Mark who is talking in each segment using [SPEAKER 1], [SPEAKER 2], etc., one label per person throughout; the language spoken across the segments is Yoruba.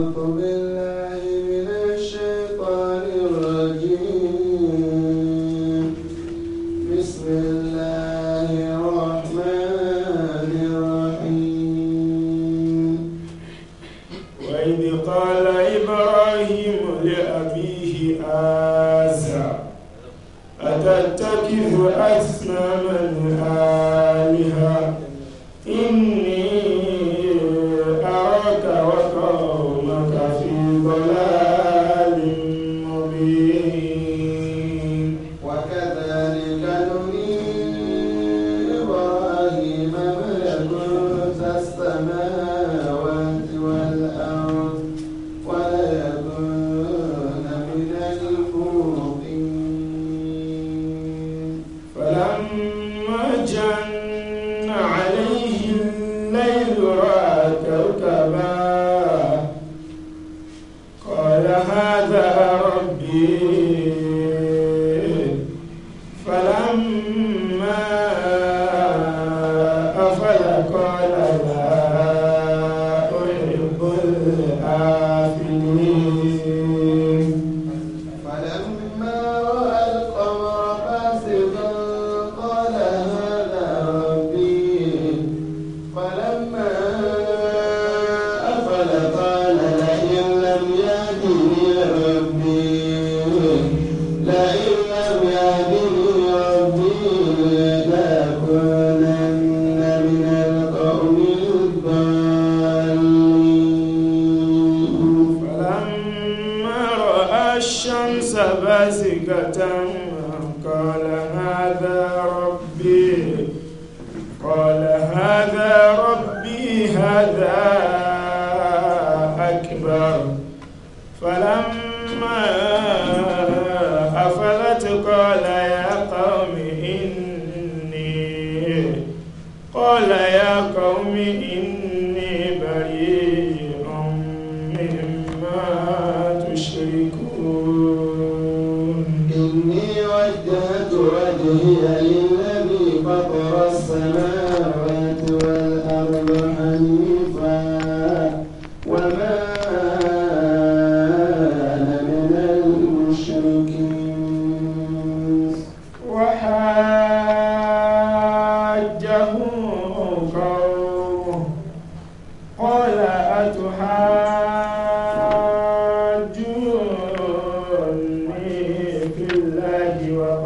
[SPEAKER 1] Amém.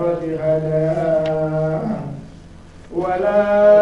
[SPEAKER 2] قد هدانا ولا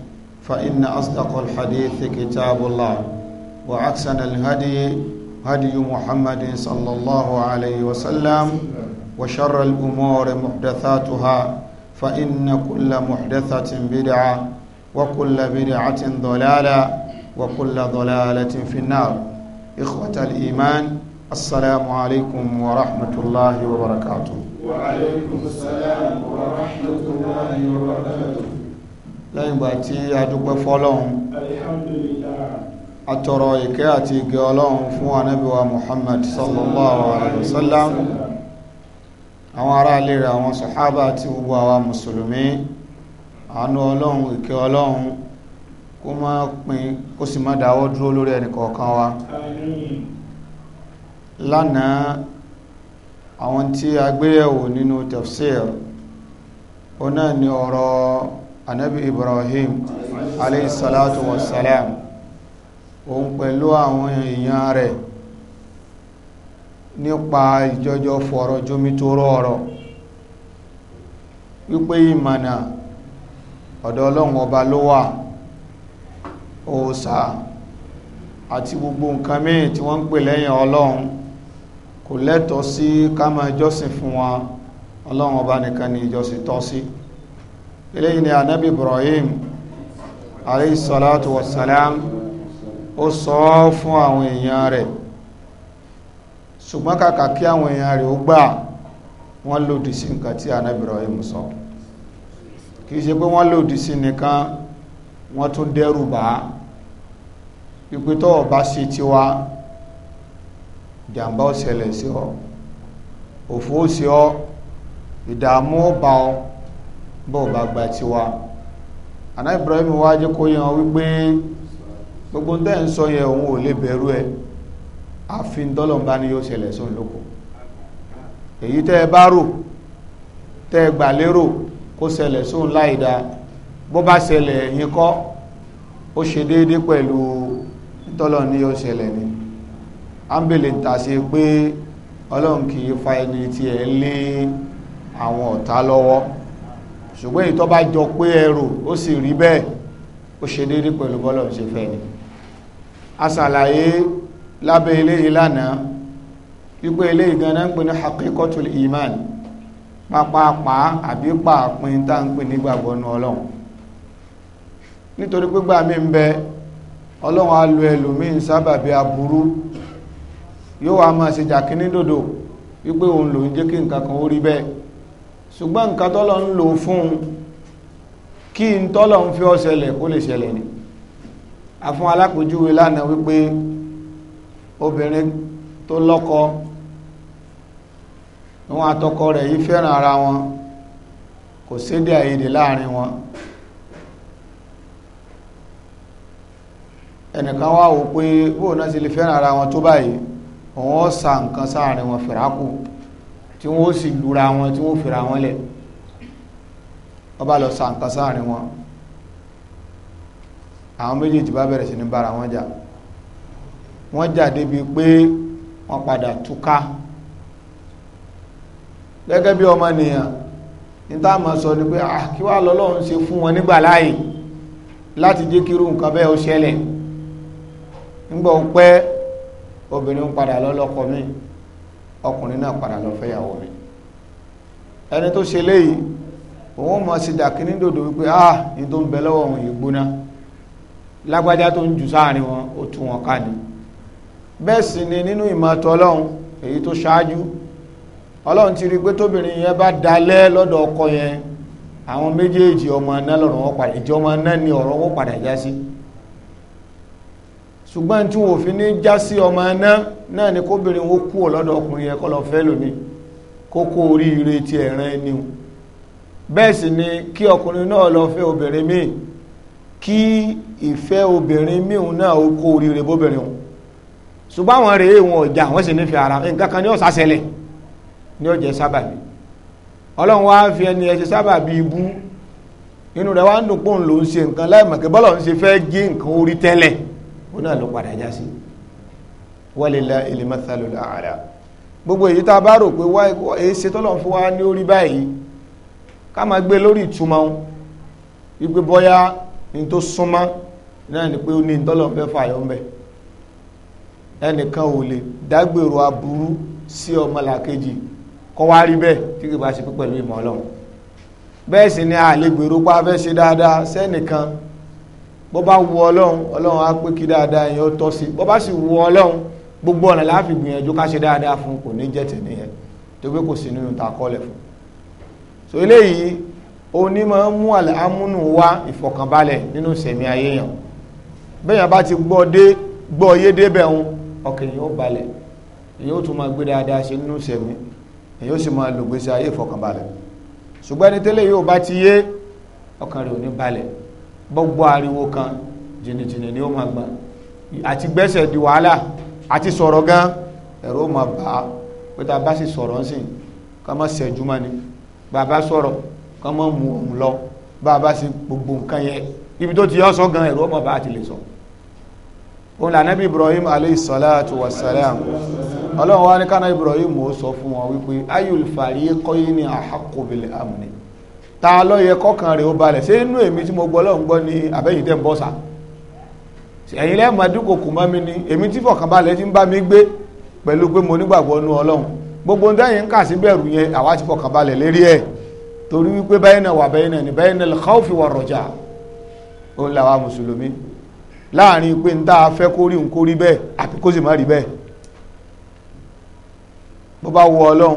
[SPEAKER 3] فإن أصدق الحديث كتاب الله وأحسن الهدي هدي محمد صلى الله عليه وسلم وشر الأمور محدثاتها فإن كل محدثة بدعة وكل بدعة ضلالة وكل ضلالة في النار إخوة الإيمان السلام عليكم ورحمة الله وبركاته
[SPEAKER 2] وعليكم السلام ورحمة الله وبركاته
[SPEAKER 3] lẹ́yìn ìgbà tí a dúpẹ́ fọ́lọ́hun atọrọ ìkẹ́ àti ìgẹ́ ọlọ́hun fún anábíwa Muhammad sallallahu alaihi wasallam àwọn ará ilé rẹ̀ àwọn sàhábà àti gbogbo àwa mùsùlùmí àánú ọlọ́hun ìkẹ́ ọlọ́hun kó má pin kó sì má dáwọ́ dúró lórí ẹnìkọ̀ọ̀kan wa lánàá àwọn tí a gbéyẹ̀wò nínú tafsir ó náà ni ọ̀rọ̀ anabi ibrahim aleyhisalatu wasalam òun pẹ̀lú àwọn èèyàn rẹ̀ nípa ìjọjọ fọ̀rọ̀ jomitoro ọ̀rọ̀ wípé ìmànà ọ̀dọ̀ ọlọ́run ọba ló wà òòsà àti gbogbo nǹkan míì tí wọ́n ń pè lẹ́yìn ọlọ́run kò lẹ́tọ̀ọ́ sí ká máa jọ́sìn fún wọn ọlọ́run ọba nìkan ni ìjọsìn tọ́ sí si. eléyìí ni anabi ibrahim aleyhisalatu wasalam ó sọ ọ́ fún àwọn èèyàn rẹ̀ ṣùgbọ́n kàkà kí àwọn èèyàn rẹ̀ ó gbà wọ́n lòdì sí nǹkan tí anabi ibrahim sọ kì í ṣe pé wọ́n lòdì sí nìkan wọ́n tún dẹ́rù bá ìpè tó ọba ṣe tiwa jàǹbá ó sí ọ òfò ó ọ ìdààmú ó ọ bọ́ọ̀ bá gba tiwa àná Ibrahim wá jẹ́ kó yan wípé gbogbo tẹ́ ń sọ yẹ òun ò lè bẹ̀rù ẹ àfin dọ́lọ̀mbá ni yóò ṣẹlẹ̀ sóun lóko èyí tẹ́ ẹ bá rò tẹ́ ẹ gbà lérò kó ṣẹlẹ̀ sóun láìda bó bá ṣẹlẹ̀ ẹ̀yin kọ́ ó ṣe déédé pẹ̀lú tọ́lọ̀ ní yóò ṣẹlẹ̀ ni ámbèlè ń ta ṣe pé ọlọ́run kì í fa ẹni tí ẹ lé àwọn ọ̀tá lọ́wọ́ ṣùgbọ́n èyí tó bá jọ pé ẹrù ó sì rí bẹ́ẹ̀ ó ṣe déédé pẹ̀lú bọ́lọ̀ ṣe fẹ́ ni a ṣàlàyé lábẹ́ eléyìí lánàá wípé eléyìí ganan ń pè ní hakikotul iman pápápá àbí pàápín tá ń pè nígbàgbọ́ nu ọlọ́run nítorí gbígbà mi ń bẹ ọlọ́run á lo ẹlòmíín sábàbí aburú yóò wá máa ṣe jàkíní dòdò wípé òun lòún jẹ́ kí nǹkan kan ó rí bẹ́ẹ̀ ṣùgbọ́n nǹkan tọ́lọ ń lò fún kí n tọ́lọ ń fi ọ́sẹ̀lẹ̀ ó lè ṣẹlẹ̀ ni a fún alákòjúwe lánàá wípé obìnrin tó lọ́kọ wọn àtọkọ rẹ̀ yìí fẹ́ràn ara wọn kò sédé àìyedè láàrin wọn ẹnìkan wá wò pé bóò náà sì lè fẹ́ràn ara wọn tó báyìí òun sa nǹkan sáàrin wọn fẹ̀rákù tí wọ́n sì lura wọn tí wọ́n fira wọn lẹ̀ wọ́n bá lọ sàǹkà sáàrin wọn àwọn méjèèjì bá bẹ̀rẹ̀ sí ní bára wọn jà wọ́n jà débi pé wọ́n padà túká gẹ́gẹ́ bí ọmọ nìyàn ní táàmà sọ ni pé kí wá lọ́lọ́run ṣe fún wọn nígbà láàyè láti jẹ́ kí irú nǹkan bẹ́ẹ̀ ó ṣẹlẹ̀ nígbà ó pẹ́ obìnrin padà lọ́lọ́kọ míì ọkùnrin náà padà lọ fẹ́yàwó mi ẹni tó ṣe léyìí òun mọ̀ sí dàkíní dòdò wípé ah ní tó ń bẹ lọ́wọ́ òun yìí gbóná lágbájá tó ń jù sáàrin wọn ó tú wọn ká ni bẹ́ẹ̀ sì ni nínú ìmọ̀tọ́ ọlọ́run èyí tó ṣáájú ọlọ́run ti rí pé tóbìnrin yẹn bá dalẹ̀ lọ́dọ̀ ọkọ yẹn àwọn méjèèjì ọmọ náà lọ́rọ̀ wọn padà ìjọ ọmọ náà ni ọ̀rọ̀ wọn padà já sí ṣùgbọ́n tí wọn ò fi ní já sí ọmọ náà náà ni kóbìnrin ó kú ọ̀lọ́dọ̀ ọkùnrin yẹ kó lọ fẹ́ lómi kókó orí ire ti ẹ̀ràn ẹni bẹ́ẹ̀ sì ni kí ọkùnrin náà lọ fẹ́ obìnrin míì kí ìfẹ́ obìnrin míhun náà ó kó orí ire bóbìnrin hùn ṣùgbọ́n àwọn rèé wọn ọjà wọ́n sì nífẹ̀ẹ́ ara nǹkan kan ní ó ṣàṣẹlẹ̀ ní ó jẹ́ sábàbí ọlọ́run wá fi ẹni ẹ ṣe sábàbí ibú inú rẹ̀ wá ń dùn pòun ló ń ṣe nǹkan láìmọ̀kẹ́ bọ́lọ̀ ń ṣe fẹ́ gé nǹkan orí tẹ́lẹ̀ ó náà ló padà já sí i walillahi al-mathalul a'la gbogbo èyí tá a bá rò pé wá èyí ṣe tọ́lọ̀ fún wa ní orí báyìí ká máa gbé lórí ìtumọ̀ wípé bọ́yá ní tó súnmọ́ náà ni pé ó ní tọ́lọ̀ fẹ́ fàyọ́ ń bẹ̀ ẹnìkan ò lè dágbèrò aburú sí ọmọ làkejì kọ́ wá rí bẹ́ẹ̀ tí kì bá ṣe pé pẹ̀lú ìmọ̀ ọlọ́run bẹ́ẹ̀ sì ni a lè gbèrò pa fẹ́ ṣe dáadáa sẹ́nìkan bó bá wu ọlọ́run ọlọ́run á pé kí dáadáa yẹn tọ́ sí bó bá sì wu ọlọ́run gbogbo ọ̀nà láàfin gbìyànjú ká ṣe dáadáa fún kò ní jẹ́ tẹ̀lé yẹn tó gbé kò sí nínú ta kọ́lẹ̀ fún so eléyìí òní máa ń mú àmúnù wá ìfọ̀kànbalẹ̀ nínú sẹ̀mí ayé yàn bẹ́yàn bá ti gbọ́ dé gbọ́ yé débẹ̀ ń ọkàn yóò balẹ̀ èyí ó tún máa gbé dáadáa ṣe nínú sẹ̀mí èyí ó sì máa lò gbèsè ayé ìfọ̀kànbalẹ̀ ṣùgbọ́n ẹni tẹ́lẹ̀ yóò bá ti yé ọkàn rẹ̀ ò ní balẹ̀ gbogbo ariwo kan jìnnìjìnnì ni ó máa gbà àti gbẹ́sẹ̀ di wàhálà àti sọ̀rọ̀ gan ẹ̀rọ ma bá pé tá a bá sì sọ̀rọ̀ ń sìn ká má ṣẹ́jú mọ́ ni bàbá sọ̀rọ̀ ká má mú òun lọ bàbá sì gbogbo nǹkan yẹn ibi tó ti yọ sọ gan ẹ̀rọ ma bá àti lè sọ òun lànà bí Ibrahim alayhi salatu wa salam ọlọ́run wa ní kánà Ibrahim ó sọ fún wọn wípé ayul fariqayni ahaqqu bil amni ta ló yẹ kọ́kàn rẹ̀ ó balẹ̀ ṣé inú èmi tí mo gbọ́ lọ́hùn gbọ́ ni àbẹ́yìí tẹ́ ń bọ́ sáà ẹ̀yin lẹ́ẹ̀mọ́ dúnkòkò mọ́ mi ni èmi tí fọkànbalẹ̀ ti ń bá mi gbé pẹ̀lú pé mo nígbàgbọ́ nú ọlọ́run gbogbo ń dáyìn kà sí bẹ̀rù yẹn àwa ti fọkànbalẹ̀ lérí ẹ̀ torí wípé báyìí náà wà báyìí náà ní báyìí náà lọ́kàófì wà rọ̀jà ó ń làwa mùsùlùmí láàrin pé ń tá a fẹ́ kó ń kó bẹ́ẹ̀ àti kó sì má rí bẹ́ẹ̀ bó bá wù ọlọ́run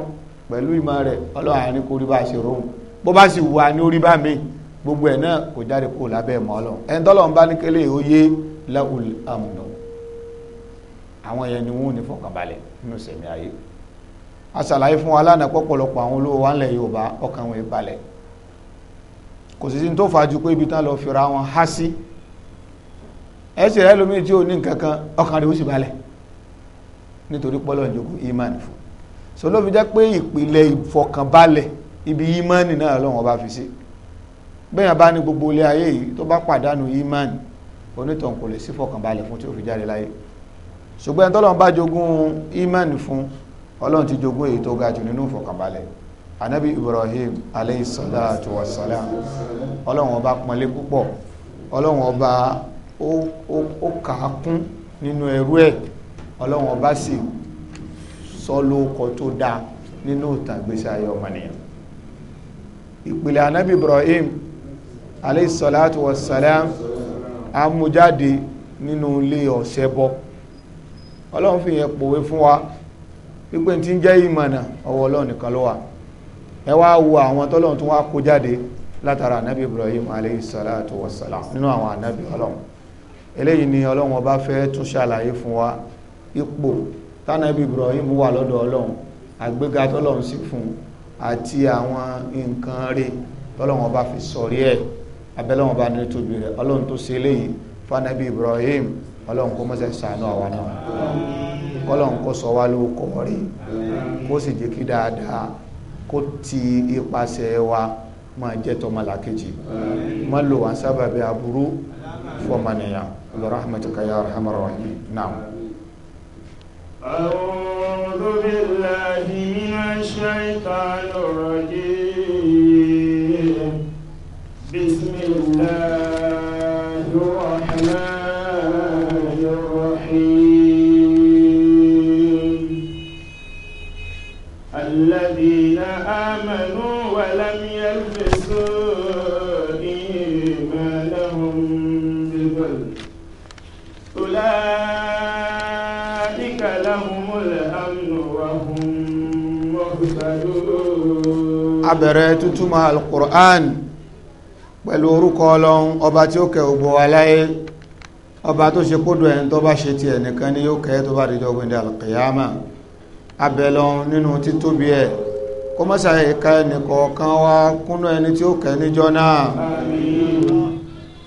[SPEAKER 3] pẹ̀lú ìmọ̀ rẹ̀ ọlọ́run àárín kó rí bá ṣe mi gbogbo ẹ̀ náà kò jáde kó lábẹ́ ìmọ̀ ọlọ́run láwùl amúnà àwọn yẹn ni wọn ò ní fọkànbalẹ̀ nínú sẹmí ayé a ṣàlàyé fún wa lánàá pọpọlọpọ àwọn olówó wa ńlẹ̀ Yorùbá ọkàn wọn balẹ̀ kò sí tó fàájú pé ibi tán lọ fira wọn há sí ẹsẹ rẹ lómi tí ò ní nǹkan kan ọkàn rẹ ó sì balẹ̀ nítorí pọlọ ìjókòó imani fún so ló fi jẹ́ pé ìpìlẹ̀ ìfọkànbalẹ̀ ibi imani náà lọ́wọ́n bá fi sí bẹ́ẹ̀ bá ní gbogbo ilé ayé yìí tó bá pàdánù imani onítàn kò lè sí fọkànbalẹ̀ fún tí ó fi jáde láyé ṣùgbọ́n tọ́lọ́n bá jogún imani fún ọlọ́run ti jogún èyí tó ga jù nínú fọkànbalẹ̀ anabi ibrahim alayhi salatu wassalam ọlọ́run ọba pọ́nlé púpọ̀ ọlọ́run ọba ó kàákún nínú ẹrú ẹ̀ ọlọ́run ọba sì sọ lóókọ tó dáa nínú ìtàgbésí ayé ọmọnìyàn ìpìlẹ̀ anabi ibrahim alayhi salatu wassalam amújáde nínú ilé ọ̀sẹ̀ bọ́ ọlọ́run fi yẹn pòwe fún wa wípé tí ń jẹ́ ìmọ̀nà ọwọ́ ọlọ́run nìkan ló wà ẹ wá wo àwọn tọ́lọ́run tó wá kó jáde látara ànábì Ibrahim alayhi salatu wassalam nínú àwọn ànábì ọlọ́run eléyìí ni ọlọ́run ọba fẹ́ tún ṣàlàyé fún wa ipò tánàbí Ibrahim wà lọ́dọ̀ ọlọ́run àgbéga tọ́lọ́run sí fún àti àwọn nǹkan rẹ̀ tọ́lọ́run ọba fi sọ̀rí ẹ̀ abẹ́lẹ́wọ̀n bá nílé tóbi rẹ̀ ọlọ́run tó ṣe léyìí fanabi Ibrahim ọlọ́run kó mọ́sẹ̀ sànú àwa náà kọ́lọ́run kó sọ wá lóko rí kó sì jẹ́ kí dáadáa kó ti ipasẹ̀ wa máa jẹ́ tọmọlàkejì má lò wá sábàbí aburú fọmọnìyàn rahmatuka ya arhamar rahim naam.
[SPEAKER 2] أعوذ بالله من الشيطان الرجيم الله الرحمن الذين آمنوا ولم يلبسوا إيمانهم بظلم أولئك لهم الأمن وهم
[SPEAKER 3] مهتدون عبرت القرآن pẹ̀lú orúkọ ọlọ́run ọba tí ó kẹ ògbò aláyé ọba tó ṣe kódò ẹni tó bá ṣe ti ẹnìkan ni yóò kẹ́ tó bá dìjọ gbẹ̀dẹ̀ alkiyama abẹ́lọ́run nínú títóbi ẹ̀ kó mọ́sà ẹ̀ka ẹnìkọ̀ọ̀kan wá kúnnú ẹni tí ó kẹ́ níjọ́ náà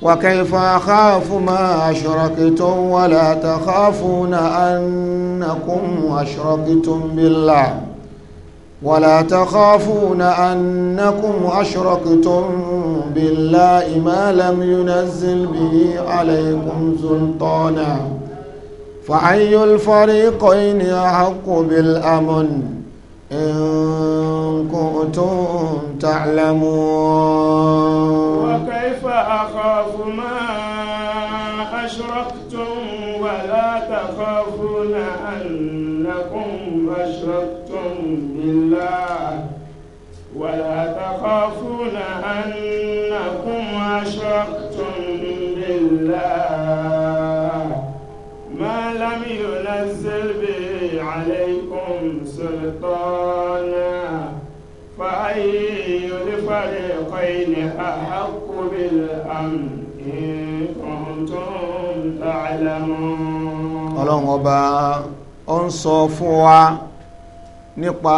[SPEAKER 3] وكيف أخاف ما أشركتم ولا تخافون أنكم أشركتم بالله ولا تخافون أنكم أشركتم بالله ما لم ينزل به عليكم سلطانا فأي الفريقين أحق بالأمن إن كنتم تعلمون
[SPEAKER 1] وكيف
[SPEAKER 2] أخاف ما أشركتم ولا تخافون أنكم أشركتم بالله ولا تخافون أنكم أشركتم بالله ما لم ينزل به عليكم سلطانا فأي الفريقين أحق بالأمن إن كنتم تعلمون
[SPEAKER 3] ó ń sọ fún wa nípa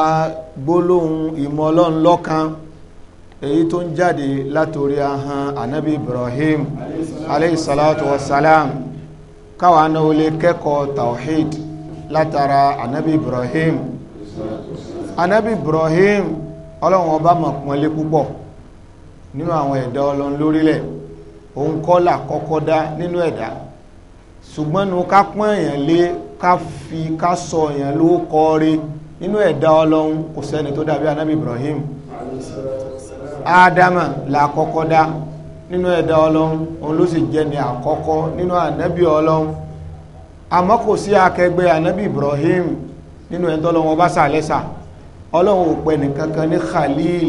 [SPEAKER 3] gbólóhùn ìmọ̀ lọ́kan èyí tó ń jáde látorí ahọ́n anabi ibrahim aleyhisalatu wasalam káwa náà ó lè kẹ́kọ̀ọ́ tawhid látara anabi ibrahim anabi ibrahim ọlọ́run ọba mọ̀ pọ́nlé púpọ̀ nínú àwọn ẹ̀dá ọlọ́run lórílẹ̀ òun kọ́ là kọ́kọ́ dá nínú ẹ̀dá ṣùgbọ́n nu ká pọ́n èèyàn lé ká fi ká sọ èèyàn ló kọrí nínú ẹ̀dá ọlọ́run kò sẹ́ni tó dàbí anábì Ibrahim ádámà làkọ́kọ́ dá nínú ẹ̀dá ọlọ́run òun ló sì jẹ́ ni àkọ́kọ́ nínú anábì ọlọ́run àmọ́ kò sí akẹgbẹ́ anábì Ibrahim nínú ẹ̀dọ́ ọlọ́run ọba sàlẹ́sà ọlọ́run ò pẹ́ nìkankan ní Khalil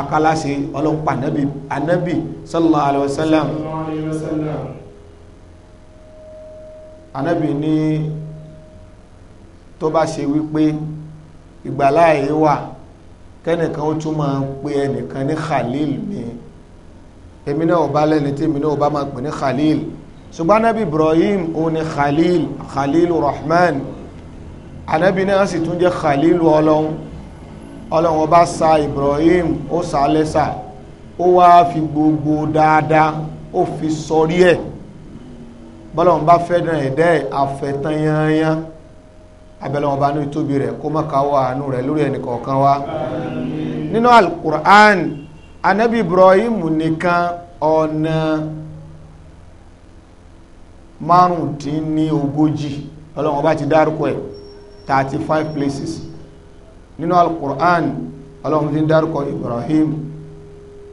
[SPEAKER 3] akalase ọlọ́run pa anábì anábì sallallahu alayhi wa sallam anábì ní tó bá ṣe wípé ìgbàláàyè wà kẹ́nìkan ó tún máa ń pe ẹnìkan ní khalil mi èmi náà bá lẹ́ni tí èmi náà bá máa pè ní khalil ṣùgbọ́n anábì ibrahim òun ni khalil khalil rahman anábì náà sì tún jẹ́ khalil ọlọ́run ọlọ́run ọba sa ibrahim ó sa lẹ́sà ó wá fi gbogbo dáadáa ó fi sọrí ẹ̀ bọ́lọ́run bá fẹ́ràn ẹ̀dá ẹ̀ abẹ́lẹ́wọ̀n bá ní ìtóbi rẹ̀ kó má káwọ́ àánú rẹ̀ lórí ẹnì kọ̀ọ̀kan wa nínú alukur'an anabi ibrahim nìkan ọ̀nà márùndínlógójì ọlọ́wọ́n ti dárúkọ ẹ̀ thirty five places nínú alukur'an ọlọ́wọ́n ti dárúkọ ibrahim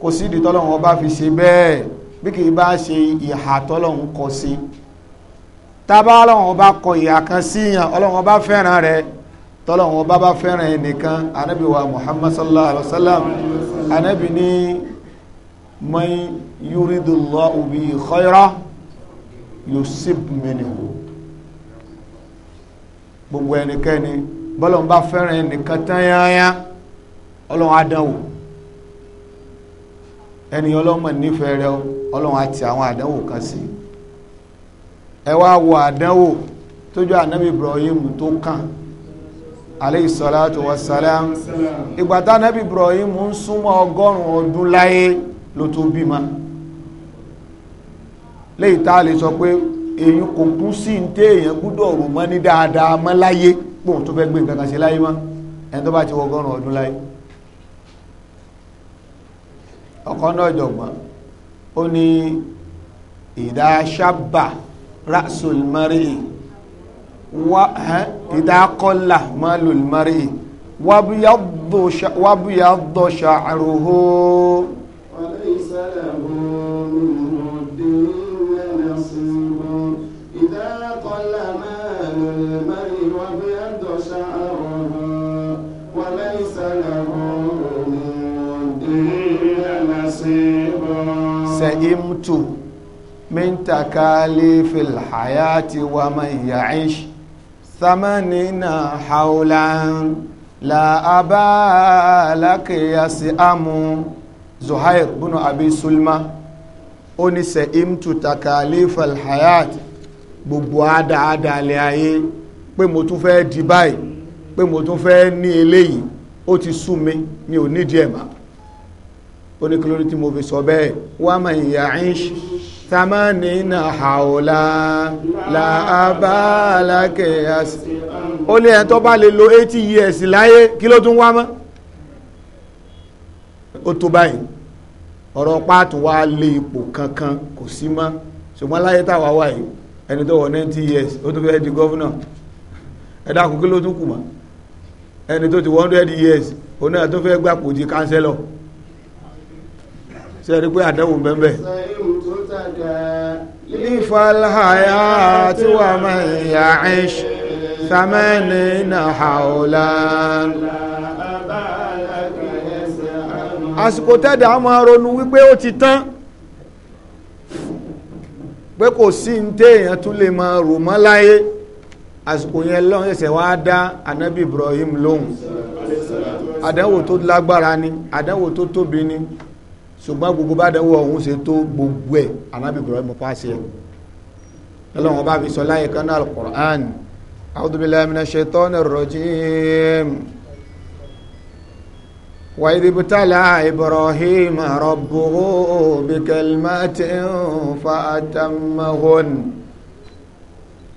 [SPEAKER 3] kò sídìí tọ́lọ́wọ́n bá fi ṣe bẹ́ẹ̀ bí kì í bá ṣe ìhà tọ́lọ́wọ́n kọ sí i tábà ọlọ́run ọba kọ ìyà kan síyàn ọlọ́run ọba fẹ́ràn rẹ̀ tọ́lọ́run ọba bá fẹ́ràn ẹnìkan anábì wa muhammad sallallahu alaihi wa sallam anábì ní man yuridullahu bihi khayran yusib minhu gbogbo ẹnikẹ́ni bọ́lọ̀ ń bá fẹ́ràn ẹnìkan tán yányá ọlọ́run adánwò ẹni ọlọ́mọ nífẹ̀ẹ́ rẹ̀ ọlọ́run àti àwọn àdánwò kan sí i ẹ wá wo àdánwò tójú ànábì Ibrahim tó kàn alayhi salatu wassalam ìgbà tá ànábì Ibrahim ń súnmọ́ ọgọ́rùn-ún ọdún láyé ló tó bímọ léyìí tá a lè sọ pé èyí kò kún sí ń tẹ́ èyàn gbúdọ̀ rò mọ́ ní dáadáa mọ́ láyé pòun tó fẹ́ gbé nǹkan kan láyé mọ́ ẹni tó bá ti wọgọ́rùn ọdún láyé ọkọ̀ náà jọ̀gbọ́n ó ní ìdá sábà rasul mari wa ẹ ìdákọ́là malul mari wabiyaddo sha'ruhu
[SPEAKER 1] walaysa
[SPEAKER 3] lahu sẹ̀yìmtù من تكاليف الحياة ومن يعيش ثمانين حولا لا أبا لك يسأم زهير بن أبي سلمة أني سئمت تكاليف الحياة gbogbo àdáadáalẹ̀ ayé pé mo tún fẹ́ di báyìí pé mo tún fẹ́ ní eléyìí ó ti sú mi mi ò nídìí ẹ̀ mà ó ní kí lórí tí mo fi sọ bẹ́ẹ̀ wá mà ìyá ń ṣe tamanin haula la abalake as ó lé ẹ̀ tó bá lè lo eighty years láyé kí ló tún wá mọ́ ó tó báyìí ọ̀rọ̀ páàtù wá lé ipò kankan kò sí mọ́ ṣùgbọ́n láyé táwa wà yìí ẹni tó wọ ninety years ó tó fẹ́ di gọ́vùnà ẹ dákun kí ló tún kù mọ́ ẹni tó ti one hundred years òun náà tó fẹ́ gbàpò di kánsẹ́lọ̀ ṣe é rí pé àdánwò bẹ́ẹ̀ bẹ́ẹ̀. لفى الحياة ومن يعش ثمانين حولا àsìkò tẹ́dẹ̀ a máa ronú wípé ó ti tán pé kò sí ní téèyàn tún lè máa rò mọ́ láyé àsìkò yẹn lọ́n ẹsẹ̀ wá dá ànábì Ibrahim lóhùn àdánwò tó lágbára ni àdánwò tó tóbi ni ṣùgbọ́n gbogbo bá dánwò ọ̀hún ṣe tó gbogbo ẹ̀ anábì Ibrahim pàṣẹ lọ́lọ́wọ́n bá fi sọ láyé kaná al-Qur'an a'udhu billahi minash shaitonir rajim wa idh ibtala Ibrahim rabbuhu bikalimatin fa atammahun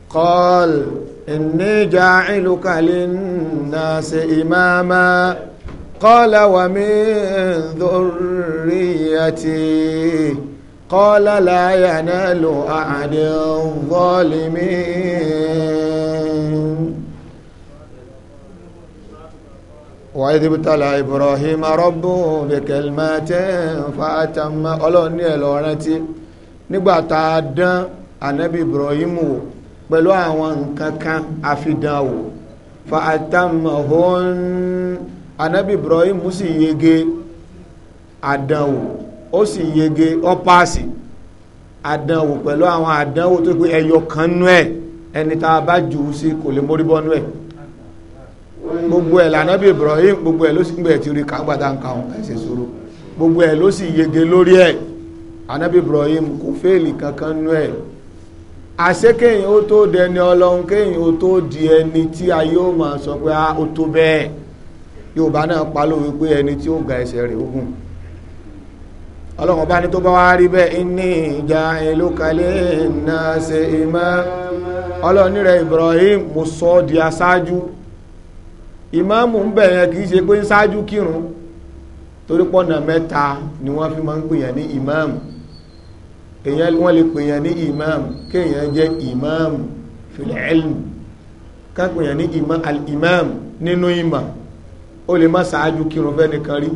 [SPEAKER 3] qala inni ja'iluka lin-nasi قال ومن ذريتي قال لا ينال أحد الظالمين وإذ ابتلى إبراهيم ربه بكلمات فأتم Ọlọ́run ní ẹlọ rántí nígbà tá a dán ànábì Ibrahim wò pẹ̀lú àwọn nǹkan kan àfidán wò فأتمهن anabi ibrahim sì yege àdánwò ó sì yege ó paasi àdánwò pẹ̀lú àwọn àdánwò tó pé ẹyọ kan nú ẹ̀ ẹni tá a bá jù ú sí kò lè mórí bọ́ nú gbogbo ẹ̀ lànàbí ibrahim gbogbo ẹ̀ ló sì gbẹ̀ tí rí kàgbàdá ń kàún ẹ̀sẹ̀ sọ̀rọ̀ gbogbo ẹ̀ ló sì yege lórí ẹ̀ ànàbí ibrahim kò fẹ́ẹ̀lì kankan nú ẹ̀ àṣé kéyìn ó tó dẹni ọlọ́run kéyìn ó tó di ẹni tí ayé ó máa sọ pé ah, ó tó bẹ́ẹ̀ yorùbá náà pa ló wípé ẹni tí ó ga ẹsẹ̀ rẹ̀ ogun ọlọ́run bá ní tó bá wá rí bẹ́ẹ̀ inni ja'iluka linnasi imama ọlọ́run nírẹ̀ Ibrahim mo sọ ọ́ di aṣáájú ìmáàmù ń bẹ̀ yẹn kìí ṣe pé ń ṣáájú kírun torí pọ́nà mẹ́ta ni wọ́n fi máa ń pè yẹn ní ìmáàmù èyàn wọ́n lè pè ní ìmáàmù kéèyàn jẹ́ ìmáàmù fil ká pè ní ìmáàmù nínú ìmáàmù ó lè má ṣáájú kírun fẹ́ nìkan rí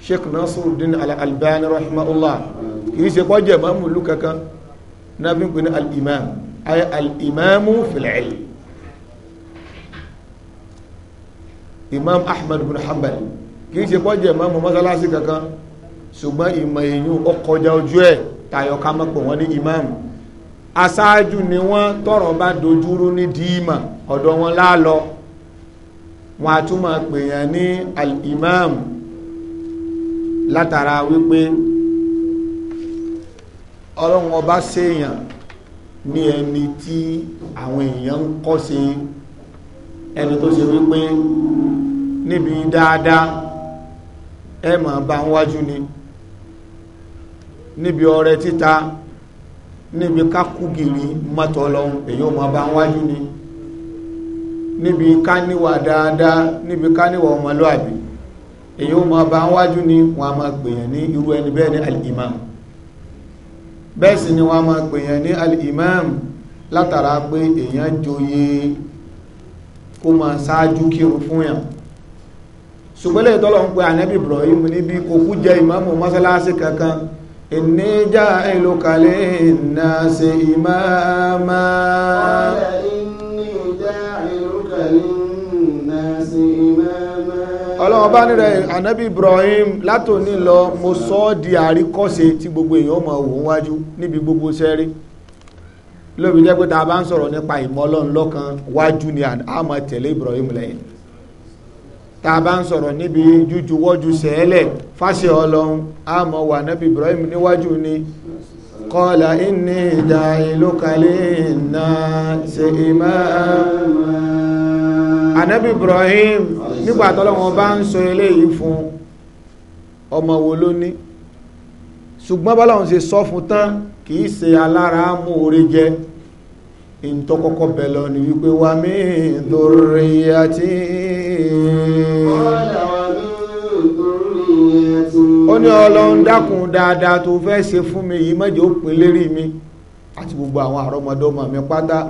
[SPEAKER 3] sheikh nasiruddin al-albani rahimahullah kì í ṣe kọjá ìmáàmù ìlú kankan náà fi ń pè ní al-imam ay al-imamu fil-ilm imam ahmed bin hanbal kì í ṣe kọjá ìmáàmù mọ́sálásí kankan ṣùgbọ́n ìmọ̀ èyàn ọkọjá ojú ẹ̀ tayọ ká mọ́ pọ̀ wọ́n ní imam aṣáájú ni wọ́n tọ̀rọ̀ bá dojúrú ní dìímà ọ̀dọ̀ wọn láàlọ́ọ́ wọn a tún máa pè yàn ní al-imam látara wípé ọlọ́run ọba ṣèyàn ní ẹni tí àwọn èèyàn ń kọ́ sí ẹni tó ṣe wípé níbi dáadáa ẹ máa bá ń wájú ni níbi ọrẹ títa níbi kákúgìrì mọ́tọ́ lọ́hùn èyí ò máa bá ń wájú ni. Nibi níbi ká níwà dáadáa níbi ká níwà ọmọlúàbí èyí ó máa bá wájú ni wọ́n a máa pèèyàn ní irú ẹni bẹ́ẹ̀ ní al-imam bẹ́ẹ̀ sì ni wọ́n a máa pèèyàn ní al-imam látara pé èèyàn joyè kó máa ṣáájú kírun fún yàn ṣùgbọ́lẹ̀ ìtọ́lọ̀ ń pe ànábì Ibrahim níbi òkú jẹ ìmáàmù mọ́sálásí kankan ìníjà ìlú kalẹ̀ ìnáṣe ìmáàmù ọlọ́run bá nírẹ̀ ànábì Ibrahim látòní lọ mo sọ ọ́ di àríkọ́ṣe tí gbogbo èèyàn mọ̀ wò wájú níbi gbogbo sẹ́rí lóbi jẹ́ pé tá a bá ń sọ̀rọ̀ nípa ìmọ̀ ọlọ́run lọ́kan wájú ni a máa tẹ̀lé Ibrahim lẹ́yìn tá a bá ń sọ̀rọ̀ níbi jújuwọ́jú sẹ́ẹ̀lẹ̀ fáṣẹ ọlọ́run a máa wà ànábì Ibrahim níwájú ni kọ́lá inni ìdá ìlú kalẹ̀ náà ṣe ìmáàmá anabi ibrahim nígbà tọ́lọ́wọ́n bá ń sọ eléyìí fún ọmọ wo ló ní ṣùgbọ́n bọ́lọ́run ṣe sọ fún tán kì í ṣe alára mú orí jẹ ìntọ́kọ́kọ́ bẹ̀ lọ ni wípé wà mí lórí àti
[SPEAKER 1] ó ní ọlọ́run dákun
[SPEAKER 3] dáadáa tó fẹ́ ṣe fún mi yìí mọ́jọ́ òpin lérí mi àti gbogbo àwọn àrọ́mọdọ́mọ mi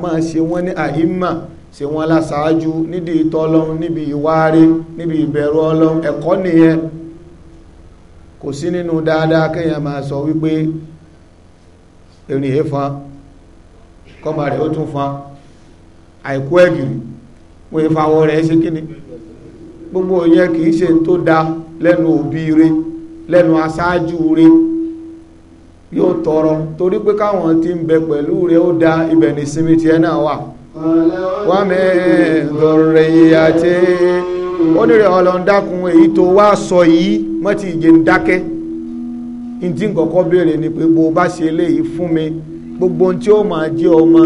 [SPEAKER 3] máa ṣe wọ́n ní àhímà se won la saaju nidi tolohun nibi iwari nibi iberu olohun eko niye ko si ninu daada keyan ma so wipe erin efa ko ma re fa aiku egiri kwa efa wo re se kini gbogbo oye ki se to da lenu obi re lenu asaaju re yóò tọrọ tori pe káwọn tí ń bẹ pẹ̀lú rẹ̀ ó dá ibẹ̀ ní simiti ẹ náà wà wàmí lórí àti onírè ọlọ́ndàkùn èyí tó wá sọ yìí mọ́ ti ìjẹ́ ń dákẹ́ ntí nkọ̀kọ́ béèrè ni pé bó o bá ṣe eléyìí fún mi gbogbo ohun tí ó máa jẹ́ ọmọ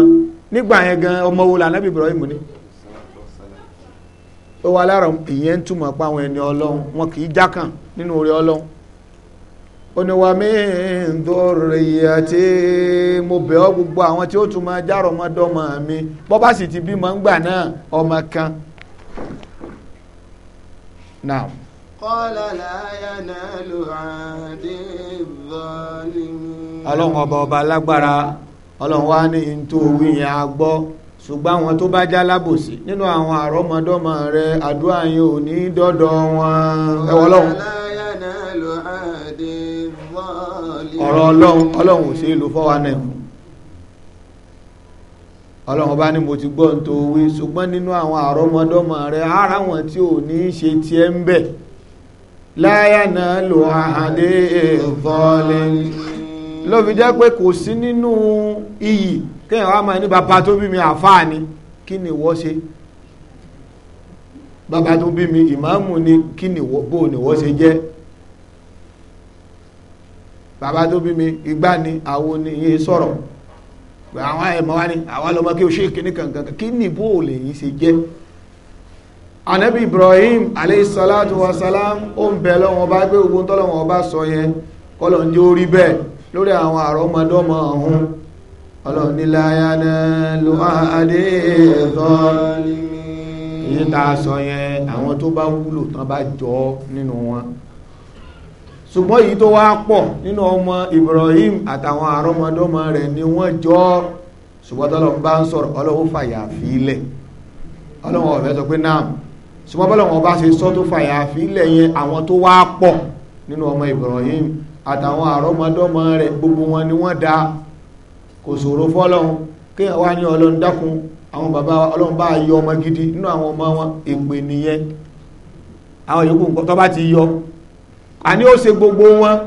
[SPEAKER 3] nígbà yẹn gan ọmọ wo lànàbí Ibrahim ni ó wà lára ìyẹn ń túmọ̀ pa àwọn ẹni ọlọ́run wọn kì í jákàn oníwàmí ndóríyàtí mo bẹ̀ ọ́ gbogbo àwọn tí ó tún máa járọ̀ ọmọdọ́mọ mi bọ́ bá sì ti bímọ ń gbà náà ọmọ kan. now. ọlọ́run ọba ọba ọlọ́run ní yẹn a gbọ́ ṣùgbọ́n àwọn tó bá já lábòsí nínú àwọn àrọ́mọdọ́mọ rẹ àdúrà yẹn ò ní dọ́dọ̀ wọn. ẹ wọ́n ọ̀rọ̀ ọlọ́run ọlọ́run ò ṣe é lo four one nine ọlọ́run bá ní mo ti gbọ́ tó wí ṣùgbọ́n nínú àwọn àrọ́mọdọ́mọ rẹ ara wọn tí ò ní í ṣe tiẹ̀ ń bẹ̀ láyà náà lò àhàdé ìfọ́lẹ́ ló fi jẹ́ pé kò sí nínú iyì kéèyàn wá máa ní bàbá tó bí mi àfáà ni kí ni ìwọ ṣe bàbá tó bí mi ìmáàmù ni kí ni bó ni ìwọ ṣe jẹ́ bàbá tó bí mi igbá ni àwo ni iye sọ̀rọ̀ àwọn ẹ̀mọ́ wa ni àwọn lọ́mọ kí o ṣe kíní kankan kí nìbó lè yìí ṣe jẹ́ anabi Ibrahim aleyhisalatu wasalam ó ń bẹ lọ́wọ́ bá gbé ogun tọ́lọ́wọ́ bá sọ yẹn kọ́lọ̀ ń jẹ́ orí bẹ́ẹ̀ lórí àwọn àrọ́mọdọ́mọ ọ̀hún ọlọ́niláyánà ló àádé ẹ̀tọ́ èyí tá sọ yẹn àwọn tó bá wúlò tán bá jọ nínú wọn ṣùgbọ́n èyí tó wá pọ̀ nínú ọmọ Ibrahim àtàwọn àrọ́mọdọ́mọ rẹ̀ ni wọ́n jọ ṣùgbọ́n tọ́lọ́run bá ń sọ̀rọ̀ ọlọ́run fàyà fílẹ̀ ọlọ́run ọ̀fẹ́ sọ pé náà ṣùgbọ́n bọ́lọ́run ọba ṣe sọ tó fàyà fílẹ̀ yẹn àwọn tó wá pọ̀ nínú ọmọ Ibrahim àtàwọn àrọ́mọdọ́mọ rẹ̀ gbogbo wọn ni wọ́n da kò ṣòro fọ́lọ́run kí wá ní ọlọ́run dákun àwọn bàbá ọlọ́run bá yọ ọmọ gidi nínú àwọn àní ó ṣe gbogbo wọn